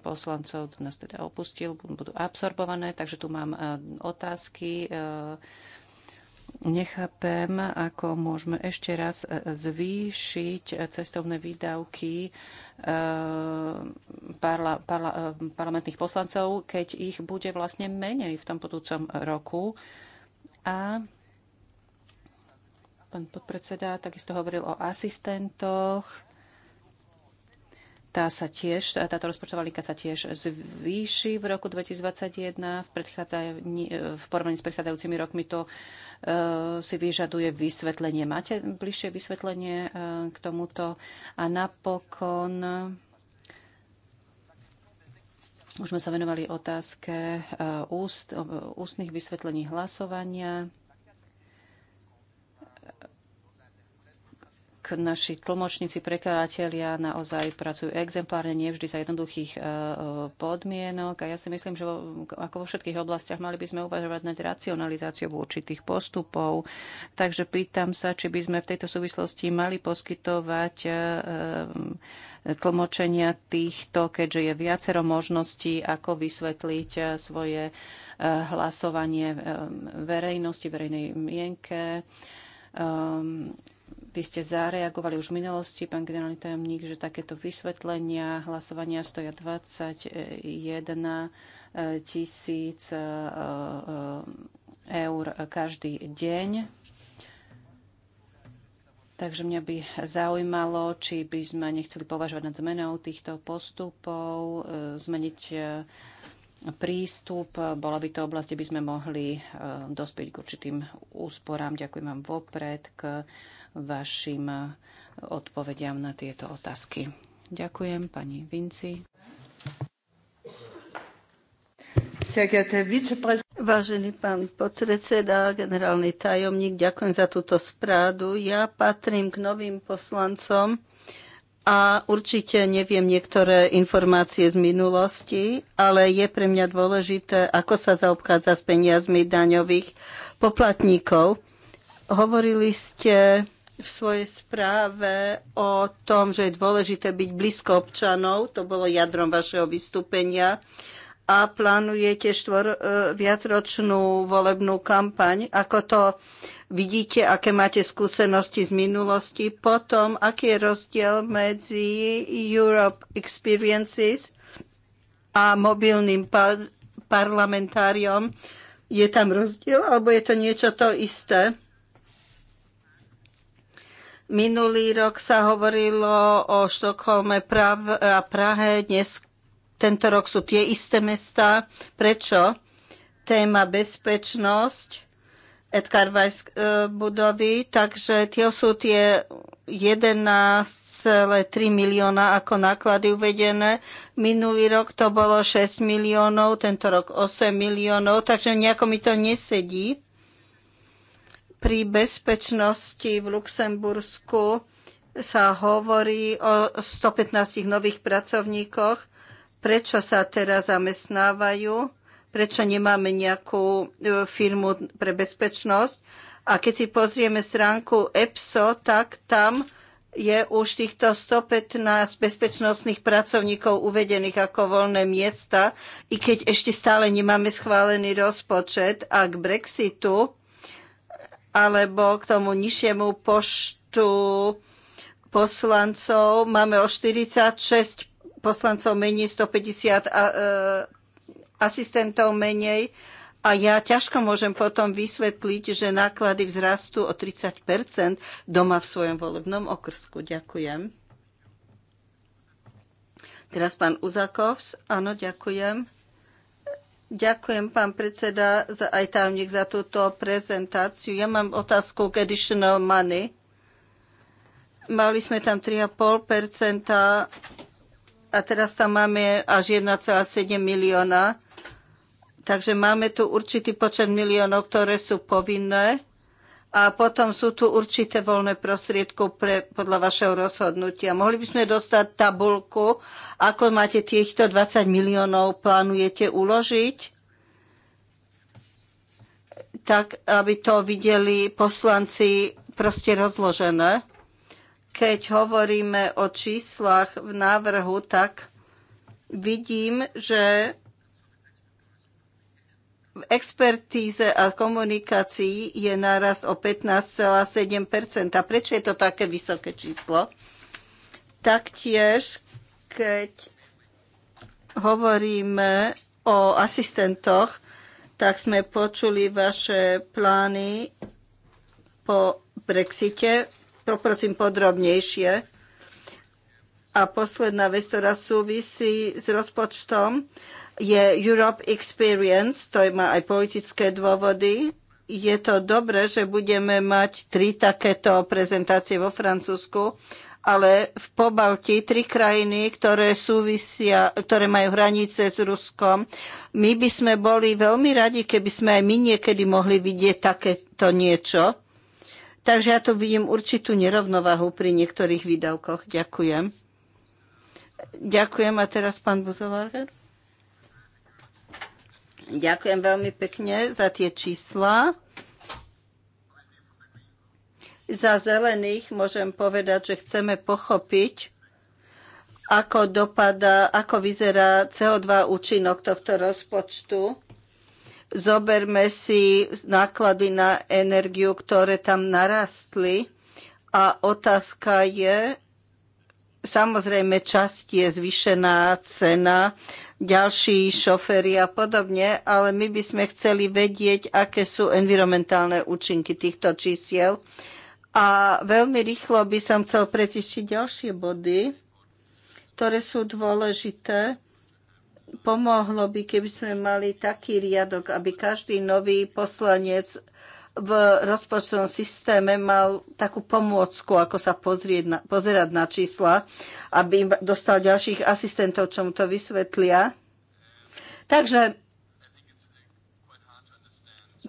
poslancov nás teda opustil, budú absorbované. Takže tu mám otázky nechápem, ako môžeme ešte raz e, zvýšiť e, cestovné výdavky e, parla, parla, parlamentných poslancov, keď ich bude vlastne menej v tom budúcom roku. A pán podpredseda takisto hovoril o asistentoch tá sa tiež, táto rozpočtová linka sa tiež zvýši v roku 2021. V, v porovnaní s predchádzajúcimi rokmi to e, si vyžaduje vysvetlenie. Máte bližšie vysvetlenie e, k tomuto? A napokon už sme sa venovali otázke e, úst, ústnych vysvetlení hlasovania. tak naši tlmočníci, prekladatelia naozaj pracujú exemplárne, nie vždy za jednoduchých e, e, podmienok. A ja si myslím, že ako vo všetkých oblastiach mali by sme uvažovať nad racionalizáciou určitých postupov. Takže pýtam sa, či by sme v tejto súvislosti mali poskytovať e, tlmočenia týchto, keďže je viacero možností, ako vysvetliť svoje hlasovanie verejnosti, verejnej mienke. Ehm, vy ste zareagovali už v minulosti, pán generálny tajomník, že takéto vysvetlenia hlasovania 121 tisíc e, e, eur každý deň. Takže mňa by zaujímalo, či by sme nechceli považovať nad zmenou týchto postupov, e, zmeniť prístup. Bola by to oblasť, kde by sme mohli dospieť k určitým úsporám. Ďakujem vám vopred k vašim odpovediam na tieto otázky. Ďakujem pani Vinci. Vážený pán podpredseda, generálny tajomník, ďakujem za túto správu. Ja patrím k novým poslancom a určite neviem niektoré informácie z minulosti, ale je pre mňa dôležité, ako sa zaobchádza s peniazmi daňových poplatníkov. Hovorili ste v svojej správe o tom, že je dôležité byť blízko občanov, to bolo jadrom vašeho vystúpenia, a plánujete štvor, e, viacročnú volebnú kampaň. Ako to vidíte, aké máte skúsenosti z minulosti? Potom, aký je rozdiel medzi Europe Experiences a mobilným par- parlamentáriom? Je tam rozdiel, alebo je to niečo to isté? Minulý rok sa hovorilo o Štokholme Prav a Prahe, dnes tento rok sú tie isté mesta. Prečo? Téma bezpečnosť Edgar Weiss e, budovy, takže tie sú tie 11,3 milióna ako náklady uvedené. Minulý rok to bolo 6 miliónov, tento rok 8 miliónov, takže nejako mi to nesedí pri bezpečnosti v Luxembursku sa hovorí o 115 nových pracovníkoch. Prečo sa teraz zamestnávajú? Prečo nemáme nejakú e, firmu pre bezpečnosť? A keď si pozrieme stránku EPSO, tak tam je už týchto 115 bezpečnostných pracovníkov uvedených ako voľné miesta, i keď ešte stále nemáme schválený rozpočet a k Brexitu alebo k tomu nižšiemu poštu poslancov. Máme o 46 poslancov menej, 150 a, e, asistentov menej. A ja ťažko môžem potom vysvetliť, že náklady vzrastú o 30 doma v svojom volebnom okrsku. Ďakujem. Teraz pán Uzakovs. Áno, ďakujem. Ďakujem, pán predseda, za aj tajomník za túto prezentáciu. Ja mám otázku k additional money. Mali sme tam 3,5% a teraz tam máme až 1,7 milióna. Takže máme tu určitý počet miliónov, ktoré sú povinné a potom sú tu určité voľné prostriedky pre, podľa vašeho rozhodnutia. Mohli by sme dostať tabulku, ako máte týchto 20 miliónov, plánujete uložiť? Tak, aby to videli poslanci proste rozložené. Keď hovoríme o číslach v návrhu, tak vidím, že v expertíze a komunikácii je náraz o 15,7 Prečo je to také vysoké číslo? Taktiež, keď hovoríme o asistentoch, tak sme počuli vaše plány po Brexite. Poprosím podrobnejšie. A posledná vec, ktorá súvisí s rozpočtom je Europe Experience, to má aj politické dôvody. Je to dobré, že budeme mať tri takéto prezentácie vo Francúzsku, ale v Pobalti tri krajiny, ktoré súvisia, ktoré majú hranice s Ruskom. My by sme boli veľmi radi, keby sme aj my niekedy mohli vidieť takéto niečo. Takže ja tu vidím určitú nerovnovahu pri niektorých výdavkoch. Ďakujem. Ďakujem a teraz pán Buzelarger. Ďakujem veľmi pekne za tie čísla. Za zelených môžem povedať, že chceme pochopiť, ako dopada, ako vyzerá CO2 účinok tohto rozpočtu. Zoberme si náklady na energiu, ktoré tam narastli. A otázka je, samozrejme, časť je zvyšená cena ďalší šoféry a podobne, ale my by sme chceli vedieť, aké sú environmentálne účinky týchto čísiel. A veľmi rýchlo by som chcel prečistiť ďalšie body, ktoré sú dôležité. Pomohlo by, keby sme mali taký riadok, aby každý nový poslanec v rozpočtovom systéme mal takú pomôcku, ako sa pozrieť na, pozerať na čísla, aby im dostal ďalších asistentov, čo mu to vysvetlia. Takže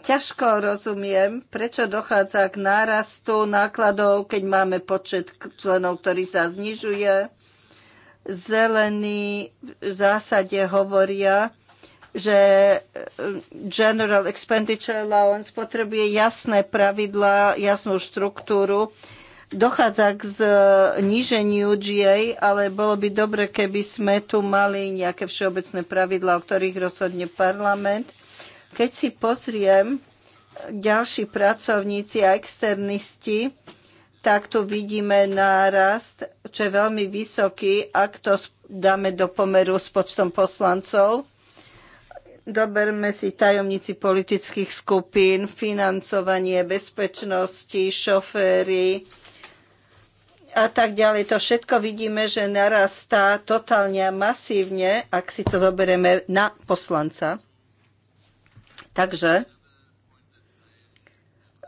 ťažko rozumiem, prečo dochádza k nárastu nákladov, keď máme počet členov, ktorý sa znižuje. Zelení v zásade hovoria, že eh, General Expenditure Allowance potrebuje jasné pravidlá, jasnú štruktúru. Dochádza k zníženiu eh, GA, ale bolo by dobre, keby sme tu mali nejaké všeobecné pravidlá, o ktorých rozhodne parlament. Keď si pozriem eh, ďalší pracovníci a externisti, tak tu vidíme nárast, čo je veľmi vysoký, ak to dáme do pomeru s počtom poslancov. Doberme si tajomníci politických skupín, financovanie bezpečnosti, šoféry a tak ďalej. To všetko vidíme, že narastá totálne a masívne, ak si to zoberieme na poslanca. Takže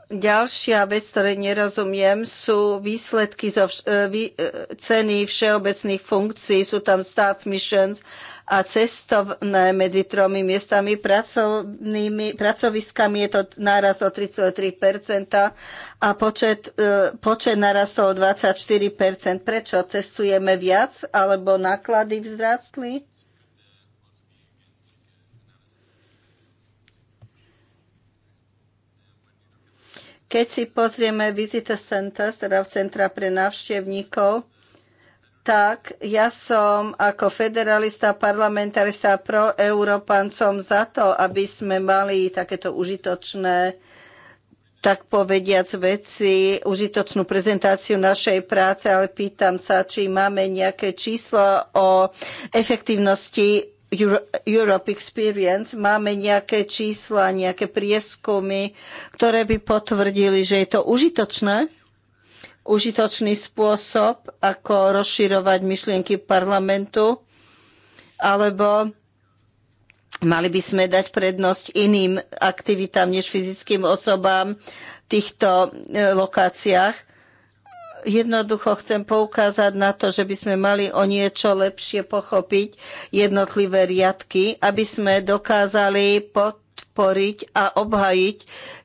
Ďalšia vec, ktoré nerozumiem, sú výsledky zo vš- e, vý- e, ceny všeobecných funkcií. Sú tam staff missions a cestovné medzi tromi miestami pracovnými, pracoviskami je to náraz o 33% a počet, e, počet narastol o 24%. Prečo? Cestujeme viac alebo náklady vzrástli? Keď si pozrieme visitor centers, teda v centra pre návštevníkov, tak ja som ako federalista, parlamentarista, proeurópancom za to, aby sme mali takéto užitočné tak povediac veci, užitočnú prezentáciu našej práce, ale pýtam sa, či máme nejaké číslo o efektívnosti Europe Experience. Máme nejaké čísla, nejaké prieskumy, ktoré by potvrdili, že je to užitočné? užitočný spôsob, ako rozširovať myšlienky parlamentu, alebo mali by sme dať prednosť iným aktivitám než fyzickým osobám v týchto e, lokáciách. Jednoducho chcem poukázať na to, že by sme mali o niečo lepšie pochopiť jednotlivé riadky, aby sme dokázali pod podporiť a obhajiť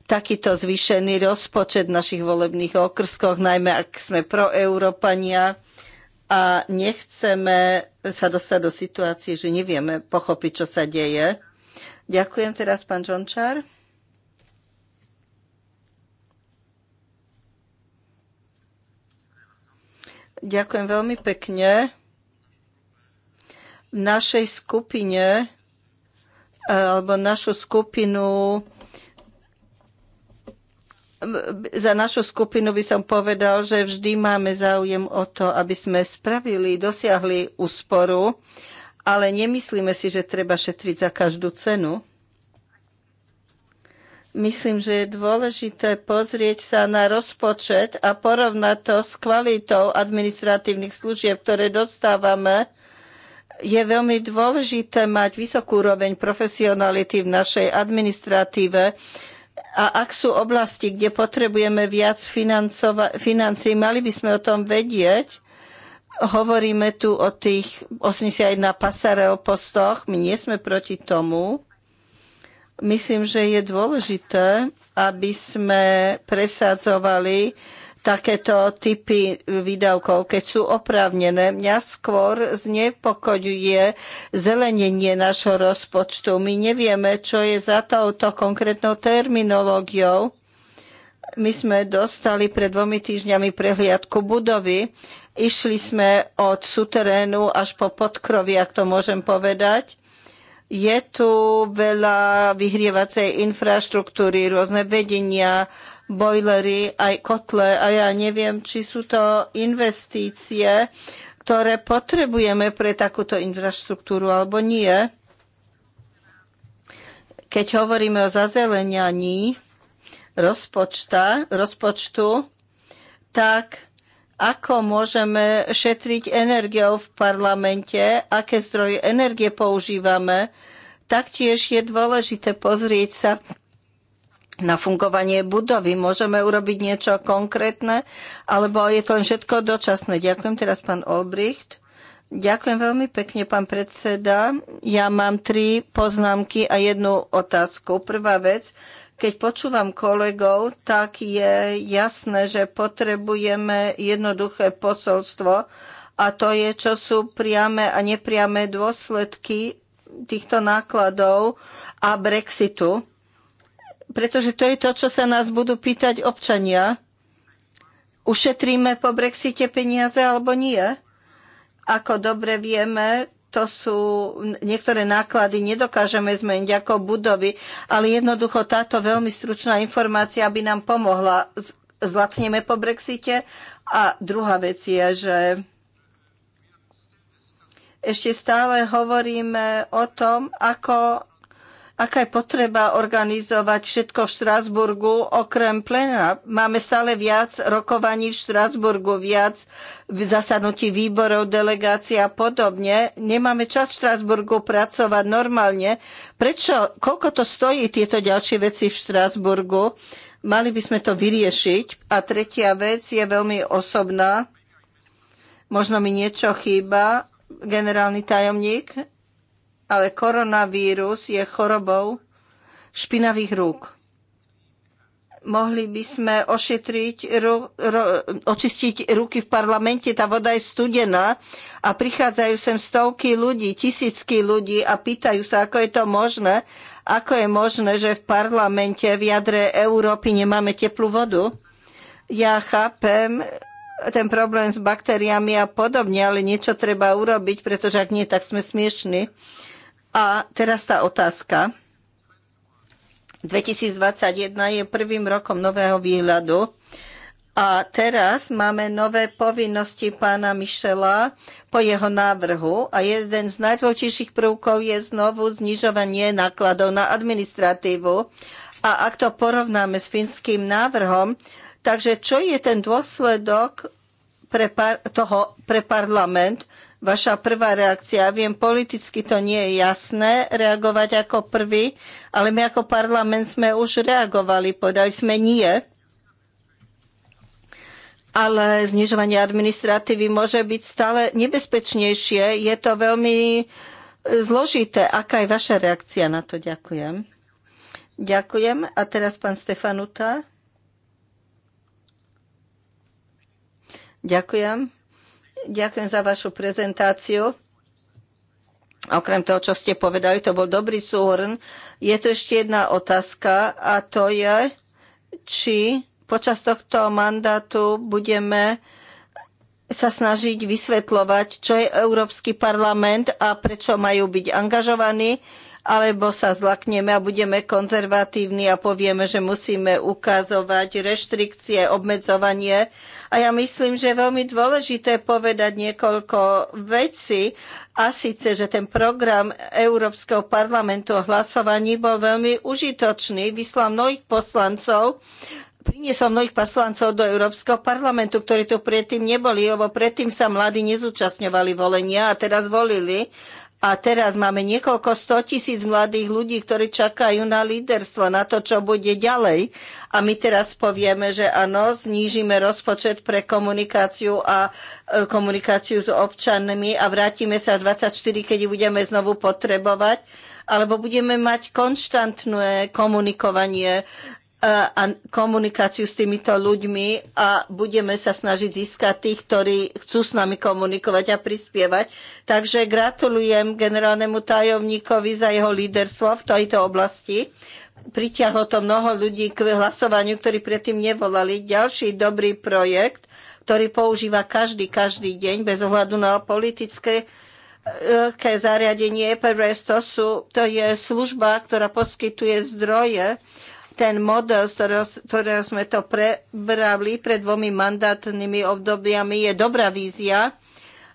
takýto zvýšený rozpočet v našich volebných okrskoch, najmä ak sme proeurópania a nechceme sa dostať do situácie, že nevieme pochopiť, čo sa deje. Ďakujem teraz, pán Žončar. Ďakujem veľmi pekne. V našej skupine E, alebo našu skupinu za našu skupinu by som povedal, že vždy máme záujem o to, aby sme spravili, dosiahli úsporu, ale nemyslíme si, že treba šetriť za každú cenu. Myslím, že je dôležité pozrieť sa na rozpočet a porovnať to s kvalitou administratívnych služieb, ktoré dostávame je veľmi dôležité mať vysokú úroveň profesionality v našej administratíve, a ak sú oblasti, kde potrebujeme viac financií, mali by sme o tom vedieť. Hovoríme tu o tých 81 pasarel postoch, my nie sme proti tomu. Myslím, že je dôležité, aby sme presadzovali takéto typy výdavkov, keď sú oprávnené. Mňa skôr znepokojuje zelenenie našho rozpočtu. My nevieme, čo je za touto konkrétnou terminológiou. My sme dostali pred dvomi týždňami prehliadku budovy. Išli sme od suterénu až po podkrovi, ak to môžem povedať. Je tu veľa vyhrievacej infraštruktúry, rôzne vedenia, bojlery, aj kotle a ja neviem, či sú to investície, ktoré potrebujeme pre takúto infraštruktúru alebo nie. Keď hovoríme o zazelenianí rozpočta, rozpočtu, tak ako môžeme šetriť energiou v parlamente, aké zdroje energie používame, taktiež je dôležité pozrieť sa na fungovanie budovy. Môžeme urobiť niečo konkrétne, alebo je to len všetko dočasné. Ďakujem teraz pán Olbricht. Ďakujem veľmi pekne, pán predseda. Ja mám tri poznámky a jednu otázku. Prvá vec, keď počúvam kolegov, tak je jasné, že potrebujeme jednoduché posolstvo a to je, čo sú priame a nepriame dôsledky týchto nákladov a Brexitu pretože to je to, čo sa nás budú pýtať občania. Ušetríme po Brexite peniaze alebo nie? Ako dobre vieme, to sú niektoré náklady, nedokážeme zmeniť ako budovy, ale jednoducho táto veľmi stručná informácia by nám pomohla. Zlacneme po Brexite. A druhá vec je, že ešte stále hovoríme o tom, ako aká je potreba organizovať všetko v Štrásburgu okrem plena. Máme stále viac rokovaní v Štrásburgu, viac zasadnutí výborov, delegácií a podobne. Nemáme čas v Štrásburgu pracovať normálne. Prečo, koľko to stojí tieto ďalšie veci v Štrásburgu? Mali by sme to vyriešiť. A tretia vec je veľmi osobná. Možno mi niečo chýba, generálny tajomník ale koronavírus je chorobou špinavých rúk. Mohli by sme ošetriť, ru, ro, očistiť ruky v parlamente, tá voda je studená a prichádzajú sem stovky ľudí, tisícky ľudí a pýtajú sa, ako je to možné, ako je možné, že v parlamente v jadre Európy nemáme teplú vodu. Ja chápem, ten problém s baktériami a podobne, ale niečo treba urobiť, pretože ak nie, tak sme smiešní. A teraz tá otázka. 2021 je prvým rokom nového výhľadu a teraz máme nové povinnosti pána Mišela po jeho návrhu a jeden z najdôležitejších prvkov je znovu znižovanie nákladov na administratívu. A ak to porovnáme s finským návrhom, takže čo je ten dôsledok pre par- toho pre parlament? vaša prvá reakcia. Viem, politicky to nie je jasné reagovať ako prvý, ale my ako parlament sme už reagovali, podali sme nie. Ale znižovanie administratívy môže byť stále nebezpečnejšie. Je to veľmi e, zložité. Aká je vaša reakcia na to? Ďakujem. Ďakujem. A teraz pán Stefanuta. Ďakujem. Ďakujem za vašu prezentáciu. Okrem toho, čo ste povedali, to bol dobrý súhrn. Je tu ešte jedna otázka a to je, či počas tohto mandátu budeme sa snažiť vysvetľovať, čo je Európsky parlament a prečo majú byť angažovaní alebo sa zlakneme a budeme konzervatívni a povieme, že musíme ukazovať reštrikcie, obmedzovanie. A ja myslím, že je veľmi dôležité povedať niekoľko vecí, a síce, že ten program Európskeho parlamentu o hlasovaní bol veľmi užitočný, vyslal mnohých poslancov, priniesol mnohých poslancov do Európskeho parlamentu, ktorí tu predtým neboli, lebo predtým sa mladí nezúčastňovali volenia a teraz volili. A teraz máme niekoľko stotisíc mladých ľudí, ktorí čakajú na líderstvo, na to, čo bude ďalej. A my teraz povieme, že áno, znížime rozpočet pre komunikáciu a e, komunikáciu s občanmi a vrátime sa v 24, keď budeme znovu potrebovať alebo budeme mať konštantné komunikovanie a komunikáciu s týmito ľuďmi a budeme sa snažiť získať tých, ktorí chcú s nami komunikovať a prispievať. Takže gratulujem generálnemu tajomníkovi za jeho líderstvo v tejto oblasti. Priťahlo to mnoho ľudí k hlasovaniu, ktorí predtým nevolali. Ďalší dobrý projekt, ktorý používa každý, každý deň bez ohľadu na politické e, ke zariadenie EPRS, to, sú, to je služba, ktorá poskytuje zdroje ten model, z ktorého, ktorého sme to prebrali pred dvomi mandátnymi obdobiami, je dobrá vízia.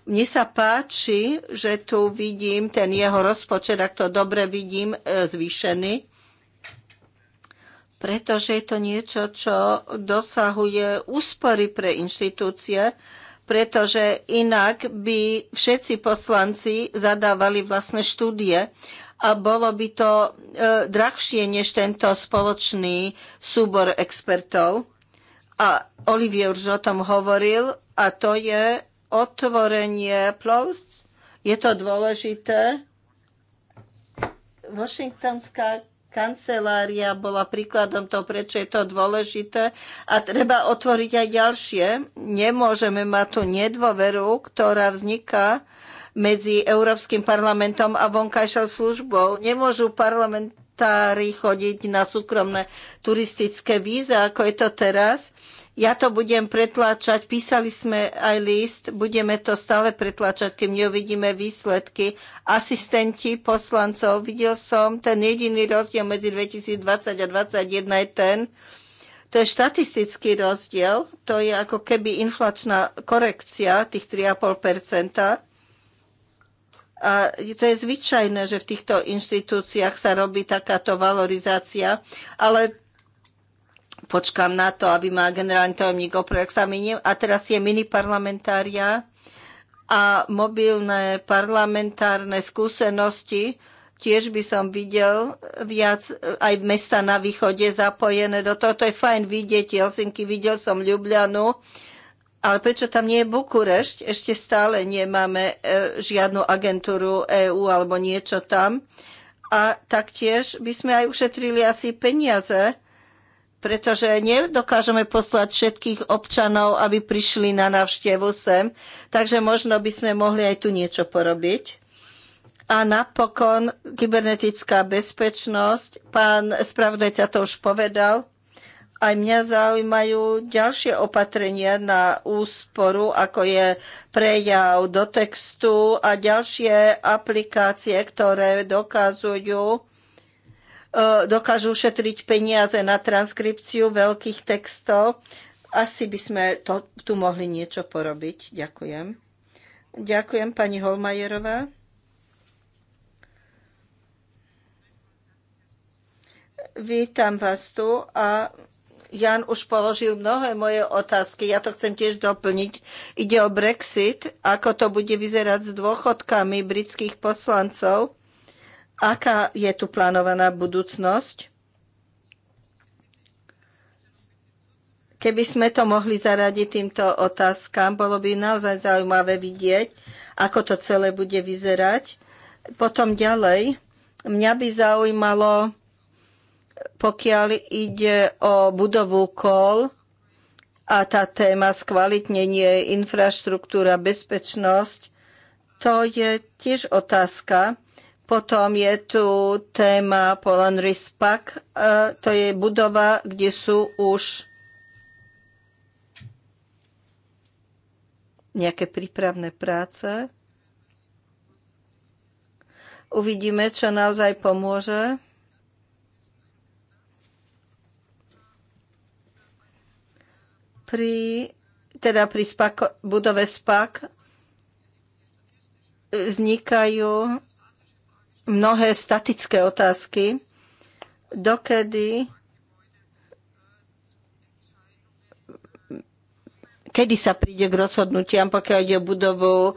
Mne sa páči, že tu vidím ten jeho rozpočet, ak to dobre vidím, e, zvýšený pretože je to niečo, čo dosahuje úspory pre inštitúcie, pretože inak by všetci poslanci zadávali vlastné štúdie a bolo by to e, drahšie než tento spoločný súbor expertov. A Olivier už o tom hovoril a to je otvorenie plovc. Je to dôležité. Washingtonská kancelária bola príkladom toho, prečo je to dôležité a treba otvoriť aj ďalšie. Nemôžeme mať tú nedôveru, ktorá vzniká medzi Európskym parlamentom a vonkajšou službou. Nemôžu parlamentári chodiť na súkromné turistické víza, ako je to teraz. Ja to budem pretláčať, písali sme aj list, budeme to stále pretláčať, kým neuvidíme výsledky. Asistenti poslancov, videl som ten jediný rozdiel medzi 2020 a 2021 je ten, to je štatistický rozdiel, to je ako keby inflačná korekcia tých 3,5 a to je zvyčajné, že v týchto inštitúciách sa robí takáto valorizácia, ale počkám na to, aby ma generálny tajomník o projekt sa minil. A teraz je mini parlamentária a mobilné parlamentárne skúsenosti. Tiež by som videl viac e, aj mesta na východe zapojené do toho. To je fajn vidieť Helsinky, videl som Ljubljanu. Uh, ale prečo tam nie je Bukurešť? Ešte stále nemáme e, žiadnu agentúru EÚ alebo niečo tam. A taktiež by sme aj ušetrili asi peniaze, pretože nedokážeme poslať všetkých občanov, aby prišli na návštevu sem. Takže možno by sme mohli aj tu niečo porobiť. A napokon kybernetická bezpečnosť. Pán spravodajca to už povedal aj mňa zaujímajú ďalšie opatrenia na úsporu, ako je prejav do textu a ďalšie aplikácie, ktoré dokazujú, e, dokážu šetriť peniaze na transkripciu veľkých textov. Asi by sme to, tu mohli niečo porobiť. Ďakujem. Ďakujem pani Holmajerová. Vítam vás tu a Jan už položil mnohé moje otázky, ja to chcem tiež doplniť. Ide o Brexit, ako to bude vyzerať s dôchodkami britských poslancov, aká je tu plánovaná budúcnosť. Keby sme to mohli zaradiť týmto otázkam, bolo by naozaj zaujímavé vidieť, ako to celé bude vyzerať. Potom ďalej, mňa by zaujímalo, pokiaľ ide o budovu kol a tá téma skvalitnenie, infraštruktúra, bezpečnosť, to je tiež otázka. Potom je tu téma Polan Rispak. E, to je budova, kde sú už nejaké prípravné práce. Uvidíme, čo naozaj pomôže. pri, teda pri spako, budove SPAK e, vznikajú mnohé statické otázky, dokedy kedy sa príde k rozhodnutiam, pokiaľ ide o budovu e,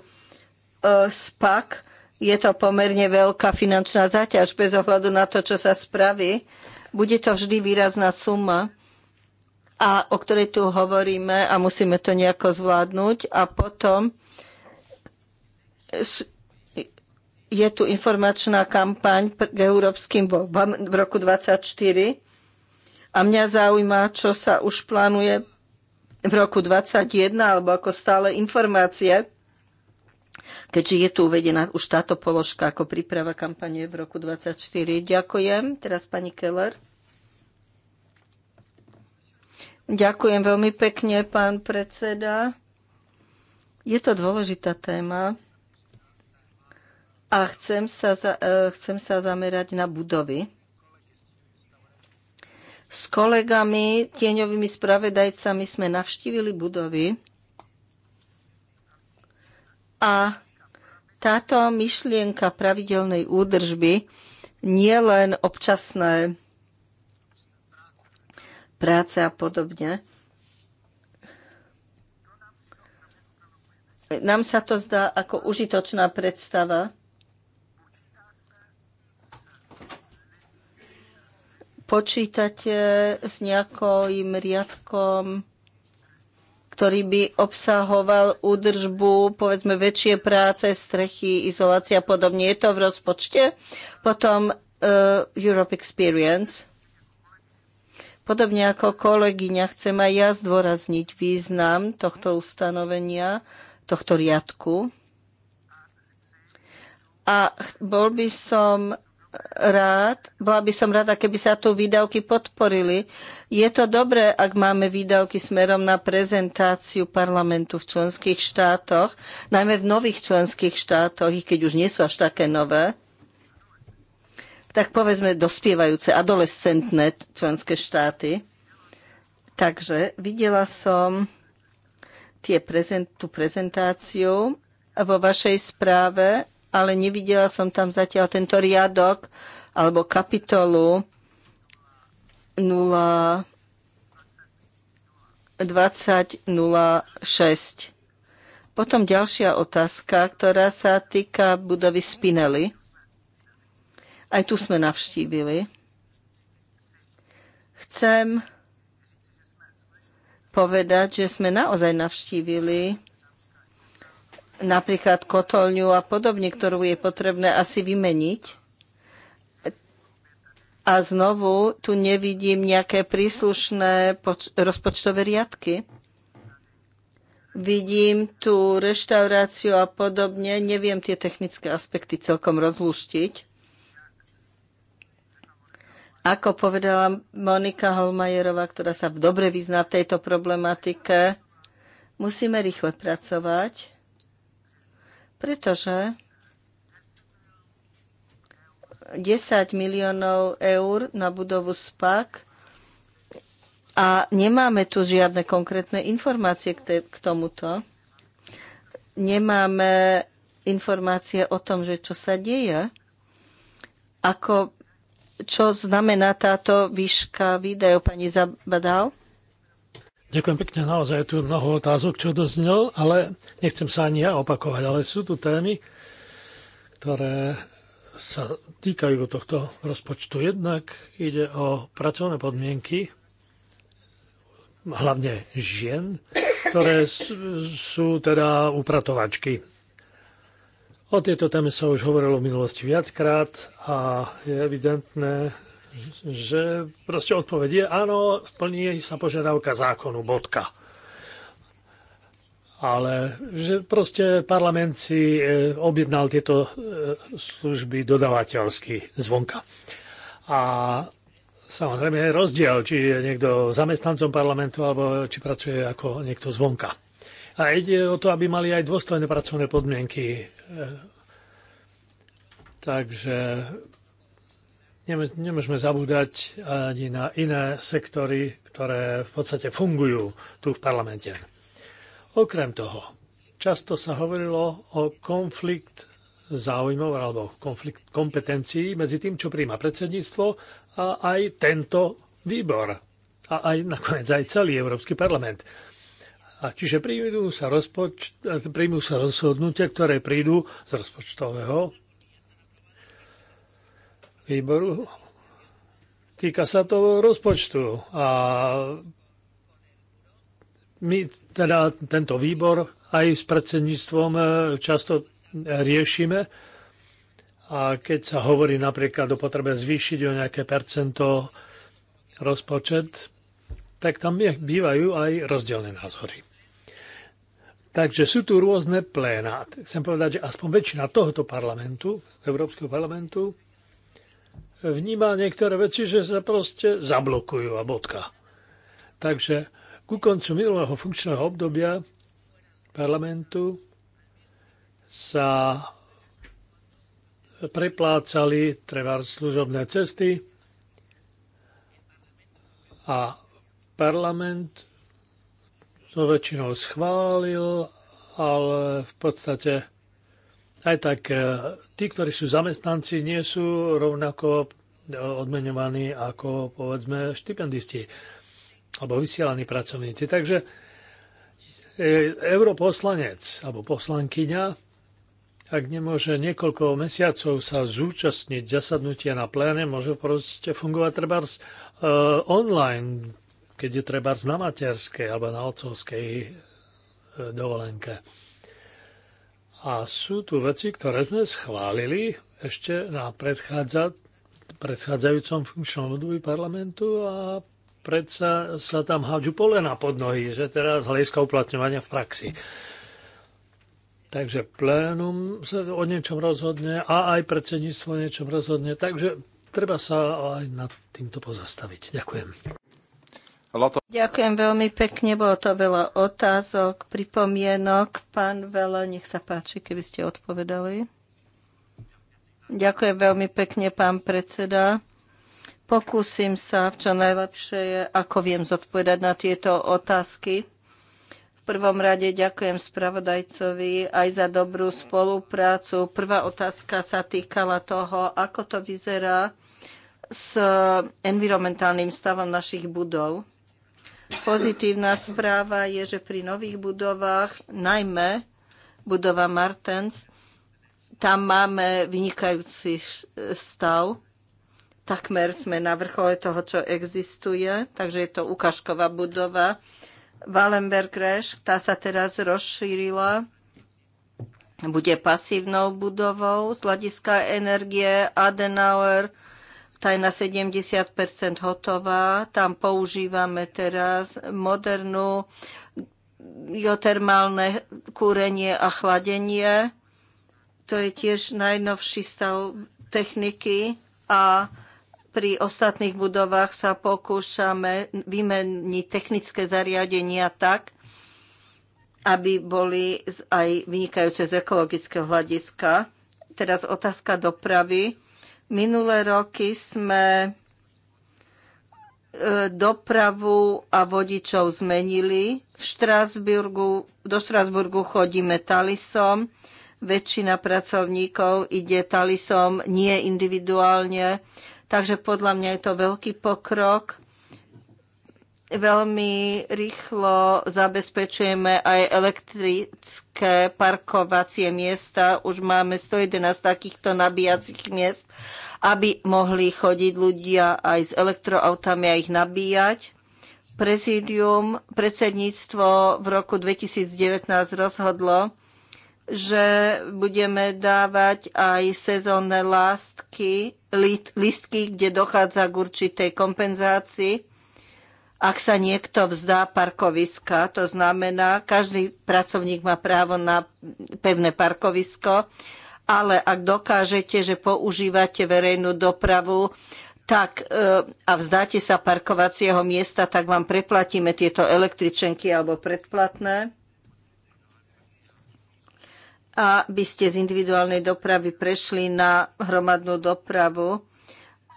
SPAK. Je to pomerne veľká finančná záťaž bez ohľadu na to, čo sa spraví. Bude to vždy výrazná suma a o ktorej tu hovoríme a musíme to nejako zvládnuť. A potom je tu informačná kampaň k európskym voľbám v roku 2024 a mňa zaujíma, čo sa už plánuje v roku 2021 alebo ako stále informácie, keďže je tu uvedená už táto položka ako príprava kampane v roku 2024. Ďakujem. Teraz pani Keller. Ďakujem veľmi pekne, pán predseda. Je to dôležitá téma a chcem sa, za, e, chcem sa zamerať na budovy. S kolegami, tieňovými spravedajcami sme navštívili budovy a táto myšlienka pravidelnej údržby nie len občasné práce a podobne. Nám sa to zdá ako užitočná predstava. Počítate s nejakým riadkom, ktorý by obsahoval údržbu, povedzme väčšie práce, strechy, izolácia a podobne. Je to v rozpočte? Potom uh, Europe Experience. Podobne ako kolegyňa, chcem aj ja zdôrazniť význam tohto ustanovenia, tohto riadku. A bol by som rád, bola by som rada, keby sa tu výdavky podporili. Je to dobré, ak máme výdavky smerom na prezentáciu parlamentu v členských štátoch, najmä v nových členských štátoch, i keď už nie sú až také nové tak povedzme dospievajúce, adolescentné členské štáty. Takže videla som tie prezent, tú prezentáciu vo vašej správe, ale nevidela som tam zatiaľ tento riadok alebo kapitolu 0 2006. Potom ďalšia otázka, ktorá sa týka budovy Spinelli. Aj tu sme navštívili. Chcem povedať, že sme naozaj navštívili napríklad kotolňu a podobne, ktorú je potrebné asi vymeniť. A znovu tu nevidím nejaké príslušné rozpočtové riadky. Vidím tu reštauráciu a podobne. Neviem tie technické aspekty celkom rozluštiť. Ako povedala Monika Holmajerová, ktorá sa dobre vyzná v tejto problematike, musíme rýchle pracovať, pretože 10 miliónov eur na budovu SPAC a nemáme tu žiadne konkrétne informácie k, k tomuto. Nemáme informácie o tom, že čo sa deje, ako čo znamená táto výška pani Zabadal? Ďakujem pekne, naozaj je tu mnoho otázok, čo doznel, ale nechcem sa ani ja opakovať, ale sú tu témy, ktoré sa týkajú tohto rozpočtu. Jednak ide o pracovné podmienky, hlavne žien, ktoré sú teda upratovačky O tejto téme sa už hovorilo v minulosti viackrát a je evidentné, že proste odpoveď je áno, splní sa požiadavka zákonu, bodka. Ale že proste parlament si e, objednal tieto e, služby dodavateľsky zvonka. A samozrejme je rozdiel, či je niekto zamestnancom parlamentu, alebo či pracuje ako niekto zvonka. A ide o to, aby mali aj dôstojné pracovné podmienky Takže nemôžeme zabúdať ani na iné sektory, ktoré v podstate fungujú tu v parlamente. Okrem toho, často sa hovorilo o konflikt záujmov alebo konflikt kompetencií medzi tým, čo príjma predsedníctvo a aj tento výbor a aj nakoniec aj celý Európsky parlament. A čiže príjmú sa, rozpoč- príjmú sa rozhodnutia, ktoré prídu z rozpočtového výboru. Týka sa to rozpočtu a my teda tento výbor aj s predsedníctvom e, často e, riešime a keď sa hovorí napríklad o potrebe zvýšiť o nejaké percento rozpočet, tak tam bývajú aj rozdielne názory. Takže sú tu rôzne pléna. Chcem povedať, že aspoň väčšina tohoto parlamentu, Európskeho parlamentu, vníma niektoré veci, že sa proste zablokujú a bodka. Takže ku koncu minulého funkčného obdobia parlamentu sa preplácali treba služobné cesty a parlament to väčšinou schválil, ale v podstate aj tak e, tí, ktorí sú zamestnanci, nie sú rovnako odmenovaní ako povedzme štipendisti alebo vysielaní pracovníci. Takže e, europoslanec alebo poslankyňa, ak nemôže niekoľko mesiacov sa zúčastniť zasadnutia na pléne, môže proste fungovať treba e, online keď je treba na materskej alebo na otcovskej e, dovolenke. A sú tu veci, ktoré sme schválili ešte na predchádza, predchádzajúcom funkčnom období parlamentu a predsa sa tam hádžu polena pod nohy, že teraz hľadiska uplatňovania v praxi. Takže plénum sa o niečom rozhodne a aj predsedníctvo o niečom rozhodne. Takže treba sa aj nad týmto pozastaviť. Ďakujem. Ďakujem veľmi pekne, bolo to veľa otázok, pripomienok. Pán Vela, nech sa páči, keby ste odpovedali. Ďakujem veľmi pekne, pán predseda. Pokúsim sa v čo najlepšie, je, ako viem zodpovedať na tieto otázky. V prvom rade ďakujem spravodajcovi aj za dobrú spoluprácu. Prvá otázka sa týkala toho, ako to vyzerá s environmentálnym stavom našich budov Pozitívna správa je, že pri nových budovách, najmä budova Martens, tam máme vynikajúci stav. Takmer sme na vrchole toho, čo existuje, takže je to ukážková budova. Wallenberg Resch, tá sa teraz rozšírila, bude pasívnou budovou z hľadiska energie Adenauer, tá je na 70 hotová. Tam používame teraz modernú geotermálne kúrenie a chladenie. To je tiež najnovší stav techniky a pri ostatných budovách sa pokúšame vymeniť technické zariadenia tak, aby boli aj vynikajúce z ekologického hľadiska. Teraz otázka dopravy. Minulé roky sme e, dopravu a vodičov zmenili. V Štrásburgu, do Štrásburgu chodíme talisom. Väčšina pracovníkov ide talisom, nie individuálne. Takže podľa mňa je to veľký pokrok veľmi rýchlo zabezpečujeme aj elektrické parkovacie miesta. Už máme 111 takýchto nabíjacích miest, aby mohli chodiť ľudia aj s elektroautami a ich nabíjať. Prezidium, predsedníctvo v roku 2019 rozhodlo, že budeme dávať aj sezónne lístky, kde dochádza k určitej kompenzácii ak sa niekto vzdá parkoviska. To znamená, každý pracovník má právo na pevné parkovisko, ale ak dokážete, že používate verejnú dopravu, tak e, a vzdáte sa parkovacieho miesta, tak vám preplatíme tieto električenky alebo predplatné. A by ste z individuálnej dopravy prešli na hromadnú dopravu.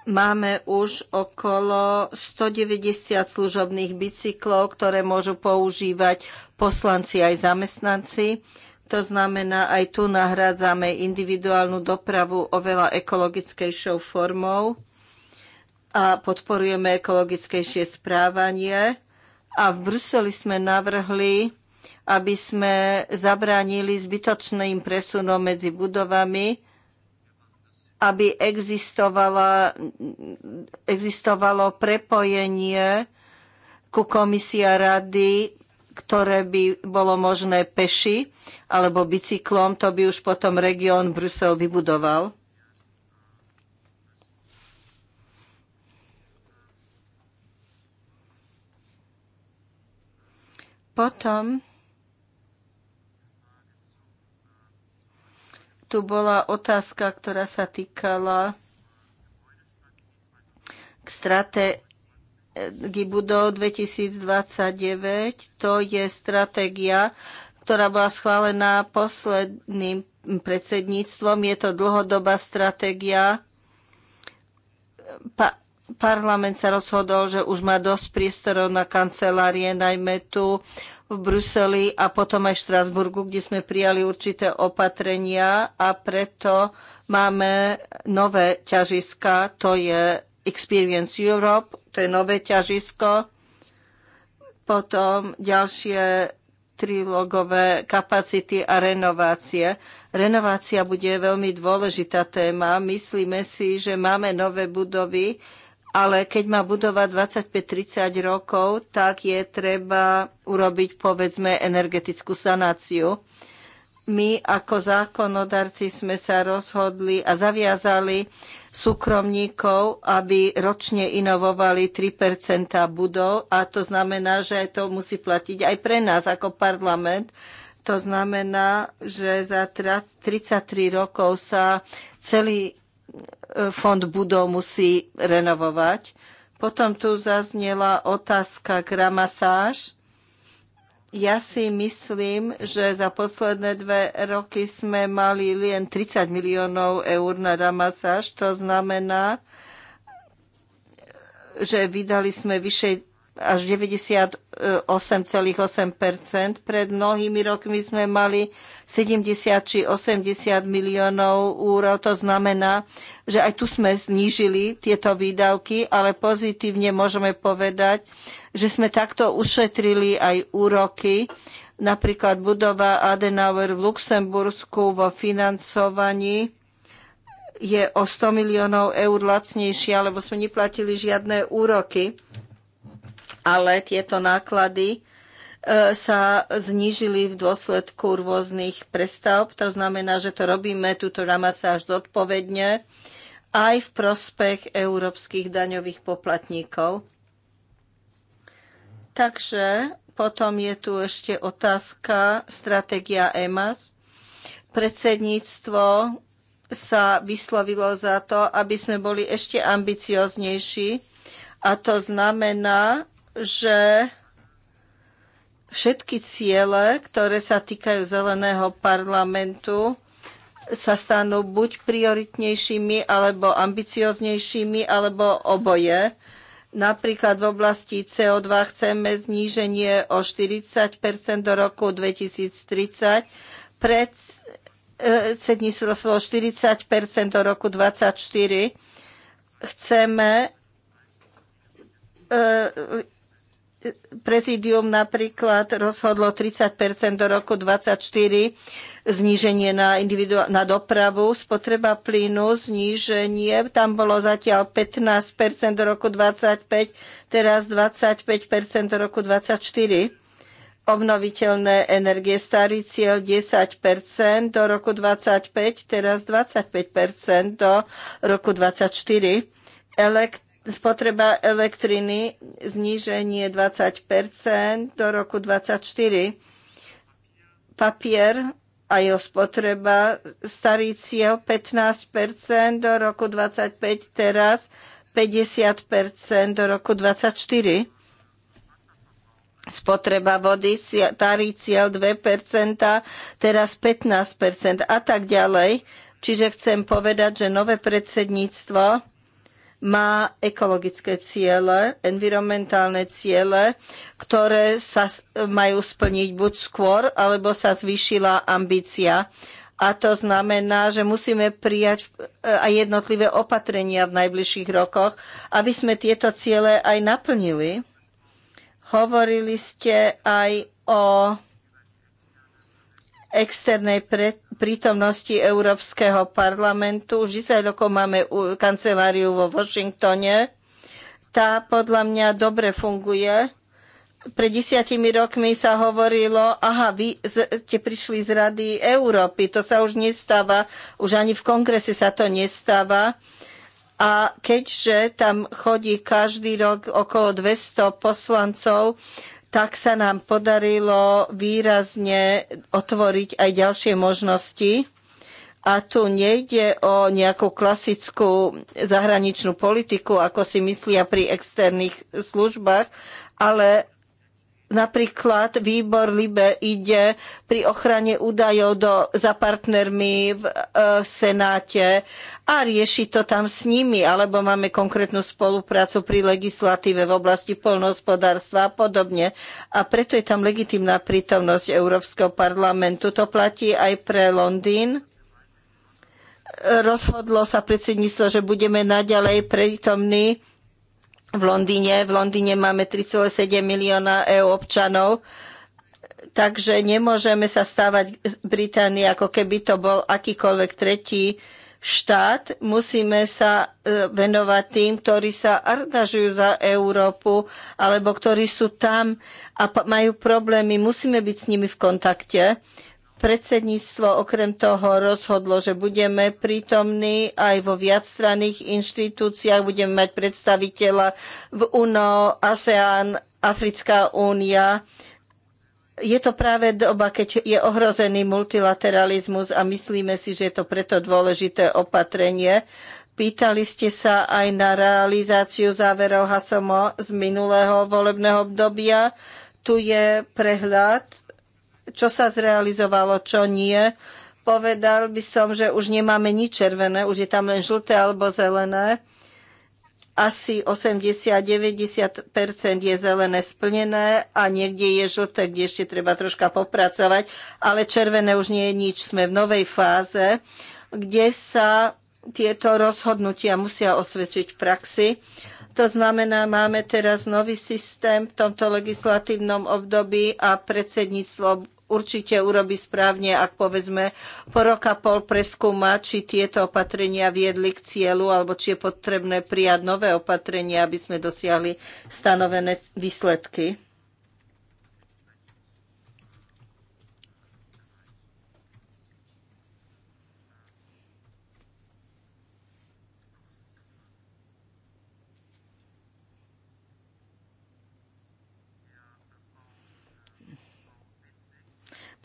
Máme už okolo 190 služobných bicyklov, ktoré môžu používať poslanci aj zamestnanci. To znamená, aj tu nahrádzame individuálnu dopravu oveľa ekologickejšou formou a podporujeme ekologickejšie správanie. A v Bruseli sme navrhli, aby sme zabránili zbytočným presunom medzi budovami, aby existovalo prepojenie ku komisia rady, ktoré by bolo možné peši alebo bicyklom, to by už potom región Brusel vybudoval. Potom tu bola otázka, ktorá sa týkala k stratégii budov 2029. To je stratégia, ktorá bola schválená posledným predsedníctvom. Je to dlhodobá stratégia. Pa- parlament sa rozhodol, že už má dosť priestorov na kancelárie, najmä tu v Bruseli a potom aj v Štrasburgu, kde sme prijali určité opatrenia a preto máme nové ťažiska, to je Experience Europe, to je nové ťažisko, potom ďalšie trilogové kapacity a renovácie. Renovácia bude veľmi dôležitá téma. Myslíme si, že máme nové budovy, ale keď má budova 25-30 rokov, tak je treba urobiť, povedzme, energetickú sanáciu. My ako zákonodarci sme sa rozhodli a zaviazali súkromníkov, aby ročne inovovali 3 budov a to znamená, že to musí platiť aj pre nás ako parlament. To znamená, že za 33 rokov sa celý fond budov musí renovovať. Potom tu zaznela otázka k ramasáž. Ja si myslím, že za posledné dve roky sme mali len 30 miliónov eur na ramasáž. To znamená, že vydali sme vyššie až 98,8 Pred mnohými rokmi sme mali 70 či 80 miliónov úrov. To znamená, že aj tu sme znížili tieto výdavky, ale pozitívne môžeme povedať, že sme takto ušetrili aj úroky. Napríklad budova Adenauer v Luxembursku vo financovaní je o 100 miliónov eur lacnejšia, lebo sme neplatili žiadne úroky. Ale tieto náklady e, sa znížili v dôsledku rôznych prestavb. To znamená, že to robíme túto ramasáž zodpovedne aj v prospech európskych daňových poplatníkov. Takže potom je tu ešte otázka stratégia EMAS. Predsedníctvo sa vyslovilo za to, aby sme boli ešte ambicioznejší a to znamená, že všetky ciele, ktoré sa týkajú zeleného parlamentu, sa stanú buď prioritnejšími, alebo ambicioznejšími, alebo oboje. Napríklad v oblasti CO2 chceme zníženie o 40 do roku 2030. Pred e, slovo 40 do roku 2024. Chceme e, prezidium napríklad rozhodlo 30 do roku 2024 zníženie na, na dopravu, spotreba plynu, zníženie, tam bolo zatiaľ 15 do roku 2025, teraz 25 do roku 24. Obnoviteľné energie, starý cieľ 10 do roku 25, teraz 25 do roku 24. Elekt spotreba elektriny zníženie 20 do roku 2024. Papier a jeho spotreba starý cieľ 15 do roku 2025, teraz 50 do roku 2024. Spotreba vody, starý cieľ 2 teraz 15 a tak ďalej. Čiže chcem povedať, že nové predsedníctvo má ekologické ciele, environmentálne ciele, ktoré sa majú splniť buď skôr, alebo sa zvýšila ambícia. A to znamená, že musíme prijať eh, aj jednotlivé opatrenia v najbližších rokoch, aby sme tieto ciele aj naplnili. Hovorili ste aj o externej pre, prítomnosti Európskeho parlamentu. Už 10 rokov máme kanceláriu vo Washingtone. Tá podľa mňa dobre funguje. Pred desiatimi rokmi sa hovorilo, aha, vy ste prišli z Rady Európy. To sa už nestáva, už ani v kongrese sa to nestáva. A keďže tam chodí každý rok okolo 200 poslancov, tak sa nám podarilo výrazne otvoriť aj ďalšie možnosti. A tu nejde o nejakú klasickú zahraničnú politiku, ako si myslia pri externých službách, ale Napríklad výbor LIBE ide pri ochrane údajov do, za partnermi v e, Senáte a rieši to tam s nimi, alebo máme konkrétnu spoluprácu pri legislatíve v oblasti polnohospodárstva a podobne. A preto je tam legitimná prítomnosť Európskeho parlamentu. To platí aj pre Londýn rozhodlo sa predsedníctvo, že budeme naďalej prítomní v Londýne. V Londýne máme 3,7 milióna EU občanov, takže nemôžeme sa stávať Británii, ako keby to bol akýkoľvek tretí štát. Musíme sa e, venovať tým, ktorí sa angažujú za Európu alebo ktorí sú tam a majú problémy. Musíme byť s nimi v kontakte. Predsedníctvo okrem toho rozhodlo, že budeme prítomní aj vo viacstranných inštitúciách, budeme mať predstaviteľa v UNO, ASEAN, Africká únia. Je to práve doba, keď je ohrozený multilateralizmus a myslíme si, že je to preto dôležité opatrenie. Pýtali ste sa aj na realizáciu záverov Hasomo z minulého volebného obdobia. Tu je prehľad čo sa zrealizovalo, čo nie. Povedal by som, že už nemáme nič červené, už je tam len žlté alebo zelené. Asi 80-90% je zelené splnené a niekde je žlté, kde ešte treba troška popracovať, ale červené už nie je nič. Sme v novej fáze, kde sa tieto rozhodnutia musia osvedčiť v praxi. To znamená, máme teraz nový systém v tomto legislatívnom období a predsedníctvo určite urobí správne, ak povedzme po roka pol preskúma, či tieto opatrenia viedli k cieľu, alebo či je potrebné prijať nové opatrenia, aby sme dosiahli stanovené výsledky.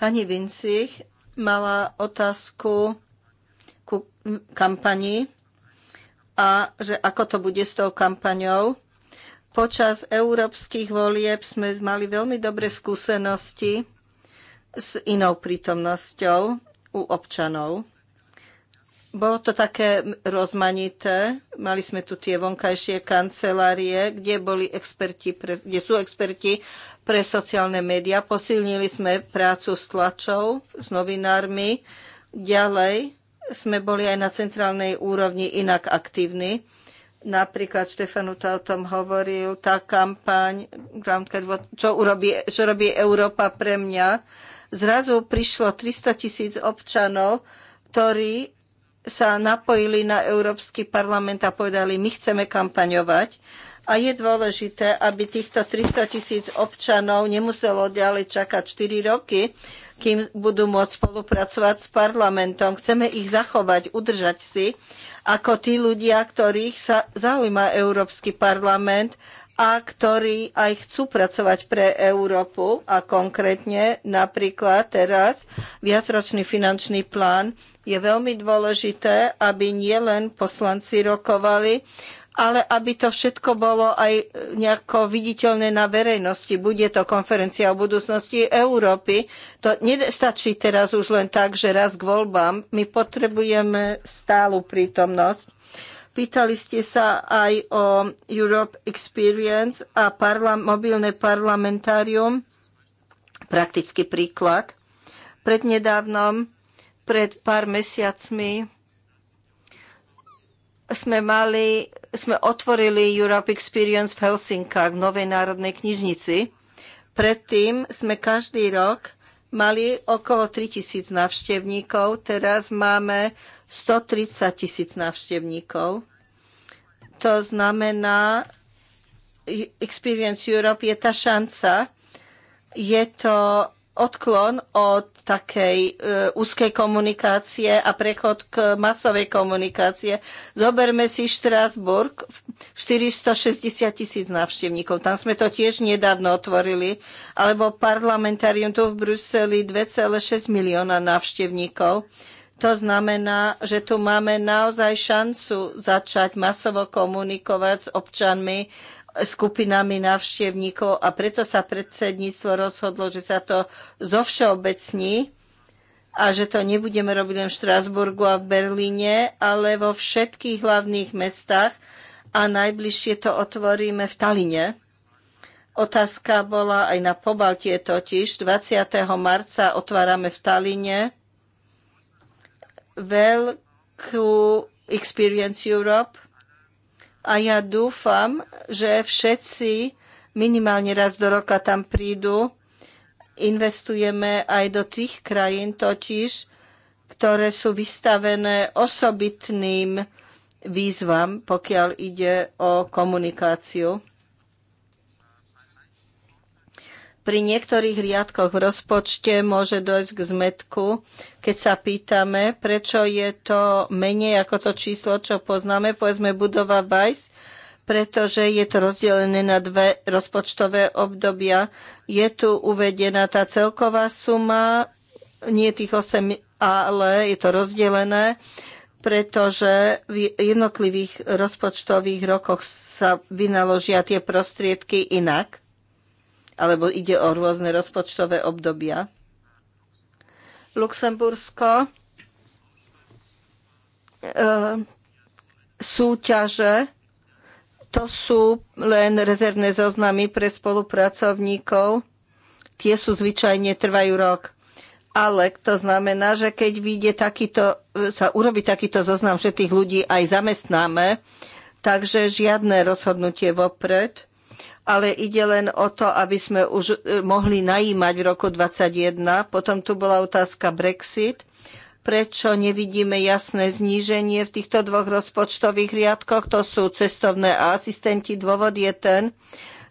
Pani Vincich mala otázku ku kampani a že ako to bude s tou kampaňou. Počas európskych volieb sme mali veľmi dobré skúsenosti s inou prítomnosťou u občanov. Bolo to také rozmanité. Mali sme tu tie vonkajšie kancelárie, kde, boli experti pre, kde sú experti pre sociálne médiá, posilnili sme prácu s tlačou, s novinármi, ďalej sme boli aj na centrálnej úrovni inak aktívni. Napríklad Štefanu to o tom hovoril, tá kampaň, čo, urobí, čo robí Európa pre mňa. Zrazu prišlo 300 tisíc občanov, ktorí sa napojili na Európsky parlament a povedali, my chceme kampaňovať a je dôležité, aby týchto 300 tisíc občanov nemuselo ďalej čakať 4 roky, kým budú môcť spolupracovať s parlamentom. Chceme ich zachovať, udržať si ako tí ľudia, ktorých sa zaujíma Európsky parlament a ktorí aj chcú pracovať pre Európu a konkrétne napríklad teraz viacročný finančný plán je veľmi dôležité, aby nielen poslanci rokovali, ale aby to všetko bolo aj nejako viditeľné na verejnosti. Bude to konferencia o budúcnosti Európy. To nestačí teraz už len tak, že raz k voľbám. My potrebujeme stálu prítomnosť. Pýtali ste sa aj o Europe Experience a parla- mobilné parlamentárium. Praktický príklad. Prednedávnom, pred pár mesiacmi, sme mali, sme otvorili Europe Experience v Helsinkách, v Novej národnej knižnici. Predtým sme každý rok mali okolo 3000 návštevníkov, teraz máme 130 tisíc návštevníkov. To znamená, Experience Europe je tá šanca, je to odklon od takej e, úzkej komunikácie a prechod k masovej komunikácie. Zoberme si Štrásburg, 460 tisíc návštevníkov, tam sme to tiež nedávno otvorili, alebo parlamentárium tu v Bruseli 2,6 milióna návštevníkov. To znamená, že tu máme naozaj šancu začať masovo komunikovať s občanmi skupinami návštevníkov a preto sa predsedníctvo rozhodlo, že sa to zovšeobecní a že to nebudeme robiť len v Štrásburgu a v Berlíne, ale vo všetkých hlavných mestách a najbližšie to otvoríme v Taline. Otázka bola aj na Pobaltie totiž. 20. marca otvárame v Taline veľkú Experience Europe a ja dúfam, že všetci minimálne raz do roka tam prídu. Investujeme aj do tých krajín totiž, ktoré sú vystavené osobitným výzvam, pokiaľ ide o komunikáciu. Pri niektorých riadkoch v rozpočte môže dojsť k zmetku, keď sa pýtame, prečo je to menej ako to číslo, čo poznáme, povedzme budova Vice, pretože je to rozdelené na dve rozpočtové obdobia. Je tu uvedená tá celková suma, nie tých 8, ale je to rozdelené, pretože v jednotlivých rozpočtových rokoch sa vynaložia tie prostriedky inak alebo ide o rôzne rozpočtové obdobia. Luxembursko e, súťaže, to sú len rezervné zoznamy pre spolupracovníkov. Tie sú zvyčajne trvajú rok. Ale to znamená, že keď vyjde takýto, sa urobí takýto zoznam, že tých ľudí aj zamestnáme, takže žiadne rozhodnutie vopred ale ide len o to, aby sme už e, mohli najímať v roku 2021. Potom tu bola otázka Brexit. Prečo nevidíme jasné zníženie v týchto dvoch rozpočtových riadkoch? To sú cestovné a asistenti. Dôvod je ten,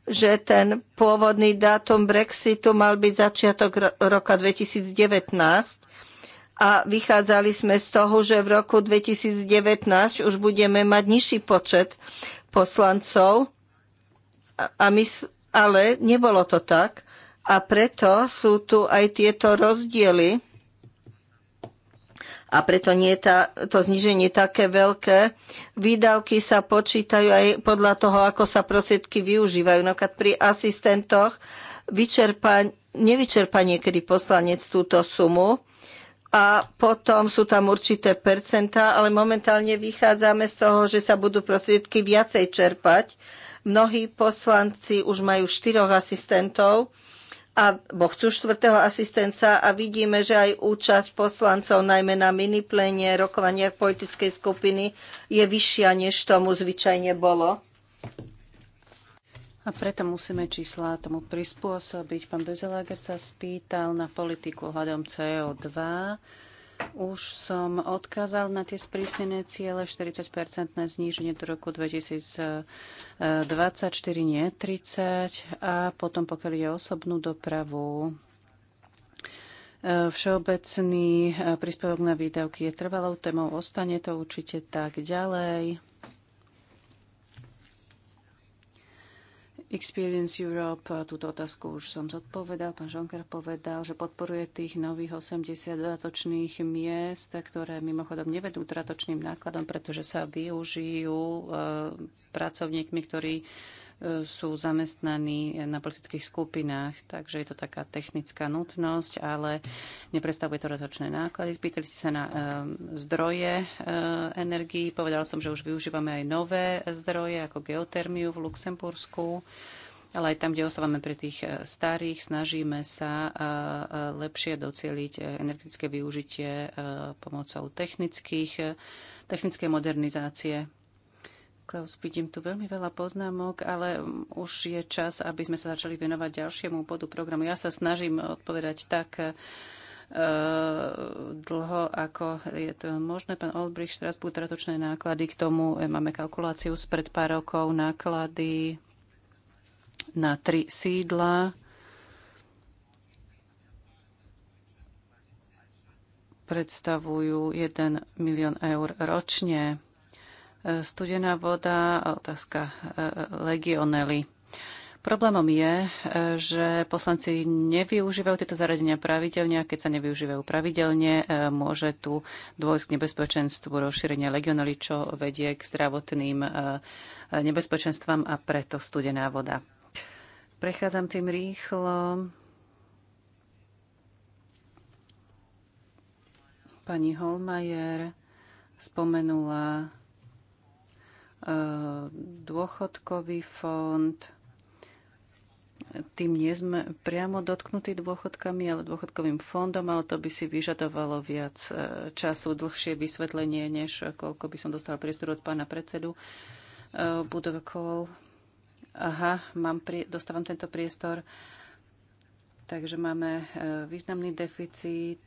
že ten pôvodný dátum Brexitu mal byť začiatok roka 2019 a vychádzali sme z toho, že v roku 2019 už budeme mať nižší počet poslancov a mysl- ale nebolo to tak. A preto sú tu aj tieto rozdiely. A preto nie je tá, to zniženie také veľké. Výdavky sa počítajú aj podľa toho, ako sa prosiedky využívajú. Napríklad pri asistentoch vyčerpa, nevyčerpa niekedy poslanec túto sumu a potom sú tam určité percentá, ale momentálne vychádzame z toho, že sa budú prostriedky viacej čerpať Mnohí poslanci už majú štyroch asistentov bo chcú štvrtého asistenca a vidíme, že aj účasť poslancov, najmä na miniplene rokovania politickej skupiny, je vyššia, než tomu zvyčajne bolo. A preto musíme čísla tomu prispôsobiť. Pán Bezeláger sa spýtal na politiku hľadom CO2 už som odkázal na tie sprísnené ciele 40-percentné zníženie do roku 2024, nie 30. A potom, pokiaľ je osobnú dopravu, e, všeobecný e, príspevok na výdavky je trvalou témou, ostane to určite tak ďalej. Experience Europe, túto otázku už som zodpovedal, pán Žonker povedal, že podporuje tých nových 80 dodatočných miest, ktoré mimochodom nevedú dodatočným nákladom, pretože sa využijú e, pracovníkmi, ktorí sú zamestnaní na politických skupinách, takže je to taká technická nutnosť, ale neprestavuje to rotočné náklady. Spýtali ste sa na eh, zdroje eh, energii. Povedala som, že už využívame aj nové zdroje, ako geotermiu v Luxembursku ale aj tam, kde ostávame pre tých eh, starých, snažíme sa lepšie docieliť energetické využitie pomocou technických, technické modernizácie. Klaus, vidím tu veľmi veľa poznámok, ale už je čas, aby sme sa začali venovať ďalšiemu bodu programu. Ja sa snažím odpovedať tak, eh, dlho, ako je to možné. Pán Olbrich, teraz budú tratočné náklady k tomu. Eh, máme kalkuláciu z pred pár rokov náklady na tri sídla. predstavujú 1 milión eur ročne studená voda a otázka e, legionely. Problémom je, e, že poslanci nevyužívajú tieto zariadenia pravidelne a keď sa nevyužívajú pravidelne, e, môže tu dôjsť k nebezpečenstvu rozšírenia legionely, čo vedie k zdravotným nebezpečenstvám a preto studená voda. Prechádzam tým rýchlo. Pani Holmajer spomenula Eh, dôchodkový fond. Tým nie sme priamo dotknutí dôchodkami, ale dôchodkovým fondom, ale to by si vyžadovalo viac eh, času, dlhšie vysvetlenie, než koľko by som dostala priestor od pána predsedu. Eh, Budova Aha, mám, dostávam tento priestor. Takže máme významný deficit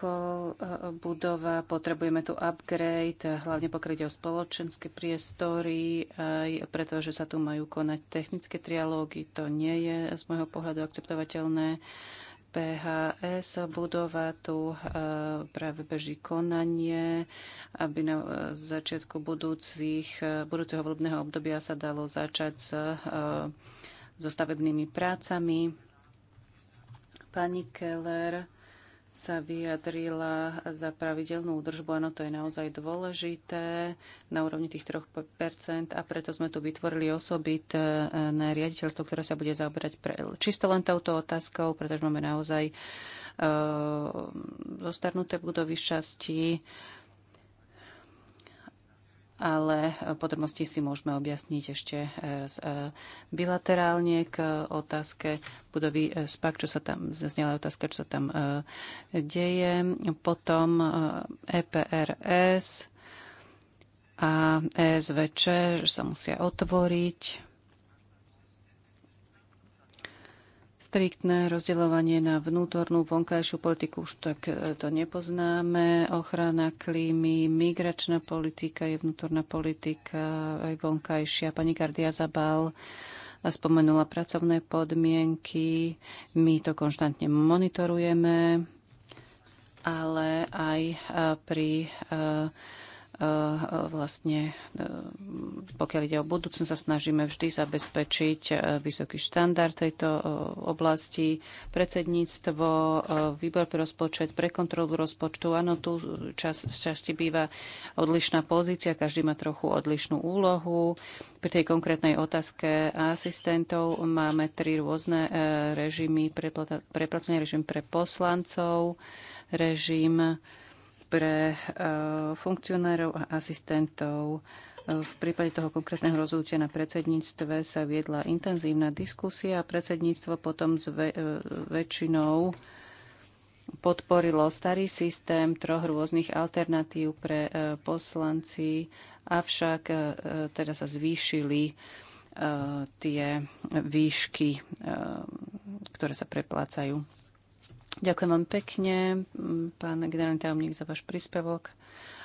ako e, budova. Potrebujeme tu upgrade, hlavne pokrytie o spoločenské priestory, aj preto, že sa tu majú konať technické trialógy. To nie je z môjho pohľadu akceptovateľné. PHS budova tu e, práve beží konanie, aby na začiatku budúcich, e, budúceho voľbného obdobia sa dalo začať s, so stavebnými prácami. Pani Keller, sa vyjadrila za pravidelnú údržbu. Áno, to je naozaj dôležité na úrovni tých 3% a preto sme tu vytvorili osobitné riaditeľstvo, ktoré sa bude zaoberať pre, čisto len touto otázkou, pretože máme naozaj uh, zostarnuté budovy šťastí. Uh, ale e, podrobnosti si môžeme objasniť ešte raz e, bilaterálne k otázke budovy e, SPAC, čo sa tam zaznela otázka, čo sa tam deje. Potom EPRS a ESVČ že sa musia otvoriť striktné rozdeľovanie na vnútornú, vonkajšiu politiku už tak e, to nepoznáme. Ochrana klímy, migračná politika je vnútorná politika, aj vonkajšia. Pani Gardia Zabal spomenula pracovné podmienky. My to konštantne monitorujeme, ale aj e, pri e, Eh, vlastne, eh, pokiaľ ide o budúcnosť, sa snažíme vždy zabezpečiť eh, vysoký štandard tejto oblasti. Predsedníctvo, výbor pre rozpočet, pre kontrolu rozpočtu, áno, tu čas, v časti býva odlišná pozícia, každý má trochu odlišnú úlohu. Pri tej konkrétnej otázke asistentov máme tri rôzne režimy, preplacenie režim pre poslancov, režim pre eh, funkcionárov a asistentov. Eh, v prípade toho konkrétneho rozhodnutia na predsedníctve sa viedla intenzívna diskusia a predsedníctvo potom s eh, väčšinou podporilo starý systém troch rôznych alternatív pre poslanci, avšak teda sa zvýšili tie výšky, ktoré sa preplácajú. Ďakujem vám pekne, pán generálny tajomník, za váš príspevok.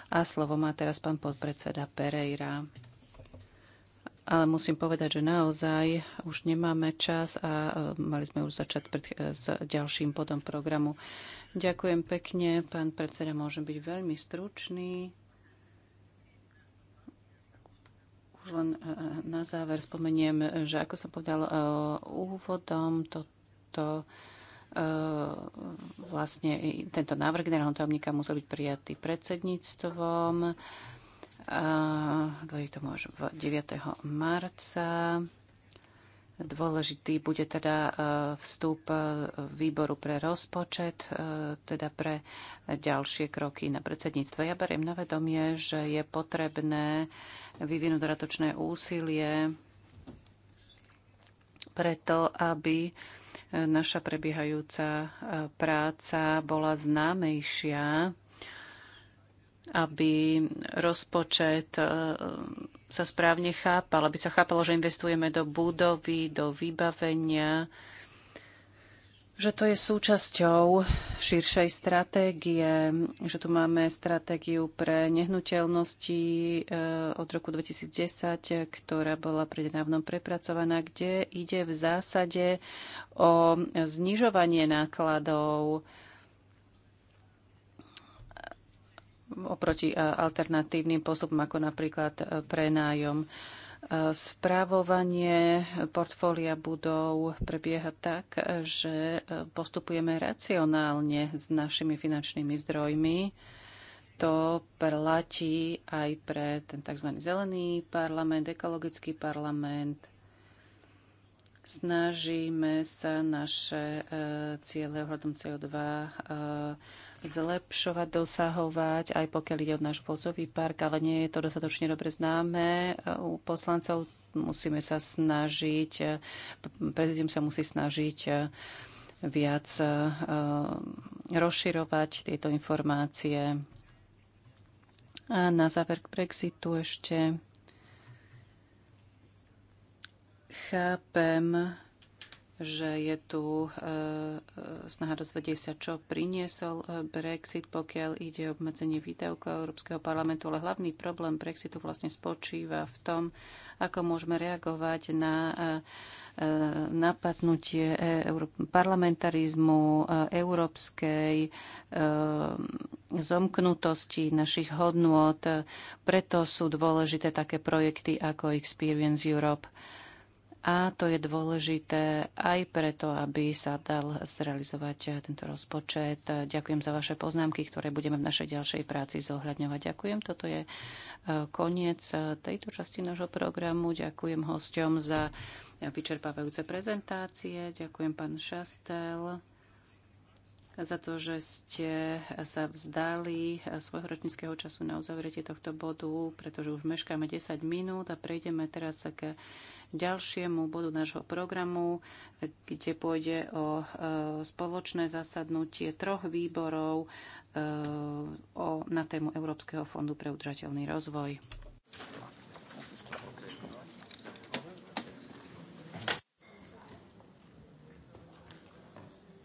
A slovo má teraz pán podpredseda Pereira. Ale musím povedať, že naozaj už nemáme čas a e, mali sme už začať pred, e, s ďalším bodom programu. Ďakujem pekne, pán predseda, môžem byť veľmi stručný. Už len e, na záver spomeniem, že ako som povedal úvodom, toto to, E, vlastne tento návrh generálneho tajomníka musel byť prijatý predsedníctvom. E, uh, 9. marca. Dôležitý bude teda e, vstup výboru pre rozpočet, teda pre ďalšie kroky na predsedníctve. Ja beriem na vedomie, že je potrebné vyvinúť dodatočné úsilie preto, aby naša prebiehajúca e, práca bola známejšia, aby rozpočet e, sa správne chápal, aby sa chápalo, že investujeme do budovy, do vybavenia, že to je súčasťou širšej stratégie, že tu máme stratégiu pre nehnuteľnosti eh, od roku 2010, ktorá bola prednávnom prepracovaná, kde ide v zásade o znižovanie nákladov oproti eh, alternatívnym postupom, ako napríklad eh, prenájom. nájom. Správovanie portfólia budov prebieha tak, že postupujeme racionálne s našimi finančnými zdrojmi. To platí aj pre ten tzv. zelený parlament, ekologický parlament. Snažíme sa naše eh, ciele ohľadom CO2 zlepšovať, dosahovať, aj pokiaľ ide o náš vozový park, ale nie je to dostatočne dobre známe u poslancov. Musíme sa snažiť, prezidium sa musí snažiť viac eh, rozširovať tieto informácie. A na záver k Brexitu ešte chápem, že je tu e, e, snaha dozvedieť sa, čo priniesol e, Brexit, pokiaľ ide o obmedzenie výdavkov Európskeho parlamentu. Ale hlavný problém Brexitu vlastne spočíva v tom, ako môžeme reagovať na napadnutie parlamentarizmu, európskej zomknutosti našich hodnôt. Preto sú dôležité také projekty ako Experience Europe a to je dôležité aj preto, aby sa dal zrealizovať tento rozpočet. Ďakujem za vaše poznámky, ktoré budeme v našej ďalšej práci zohľadňovať. Ďakujem. Toto je e, koniec e, tejto časti nášho programu. Ďakujem hosťom za vyčerpávajúce prezentácie. Ďakujem pán Šastel za to, že ste sa vzdali svojho ročníckého času na uzavretie tohto bodu, pretože už meškáme 10 minút a prejdeme teraz k ďalšiemu bodu nášho programu, kde pôjde o e, spoločné zasadnutie troch výborov e, na tému Európskeho fondu pre udržateľný rozvoj.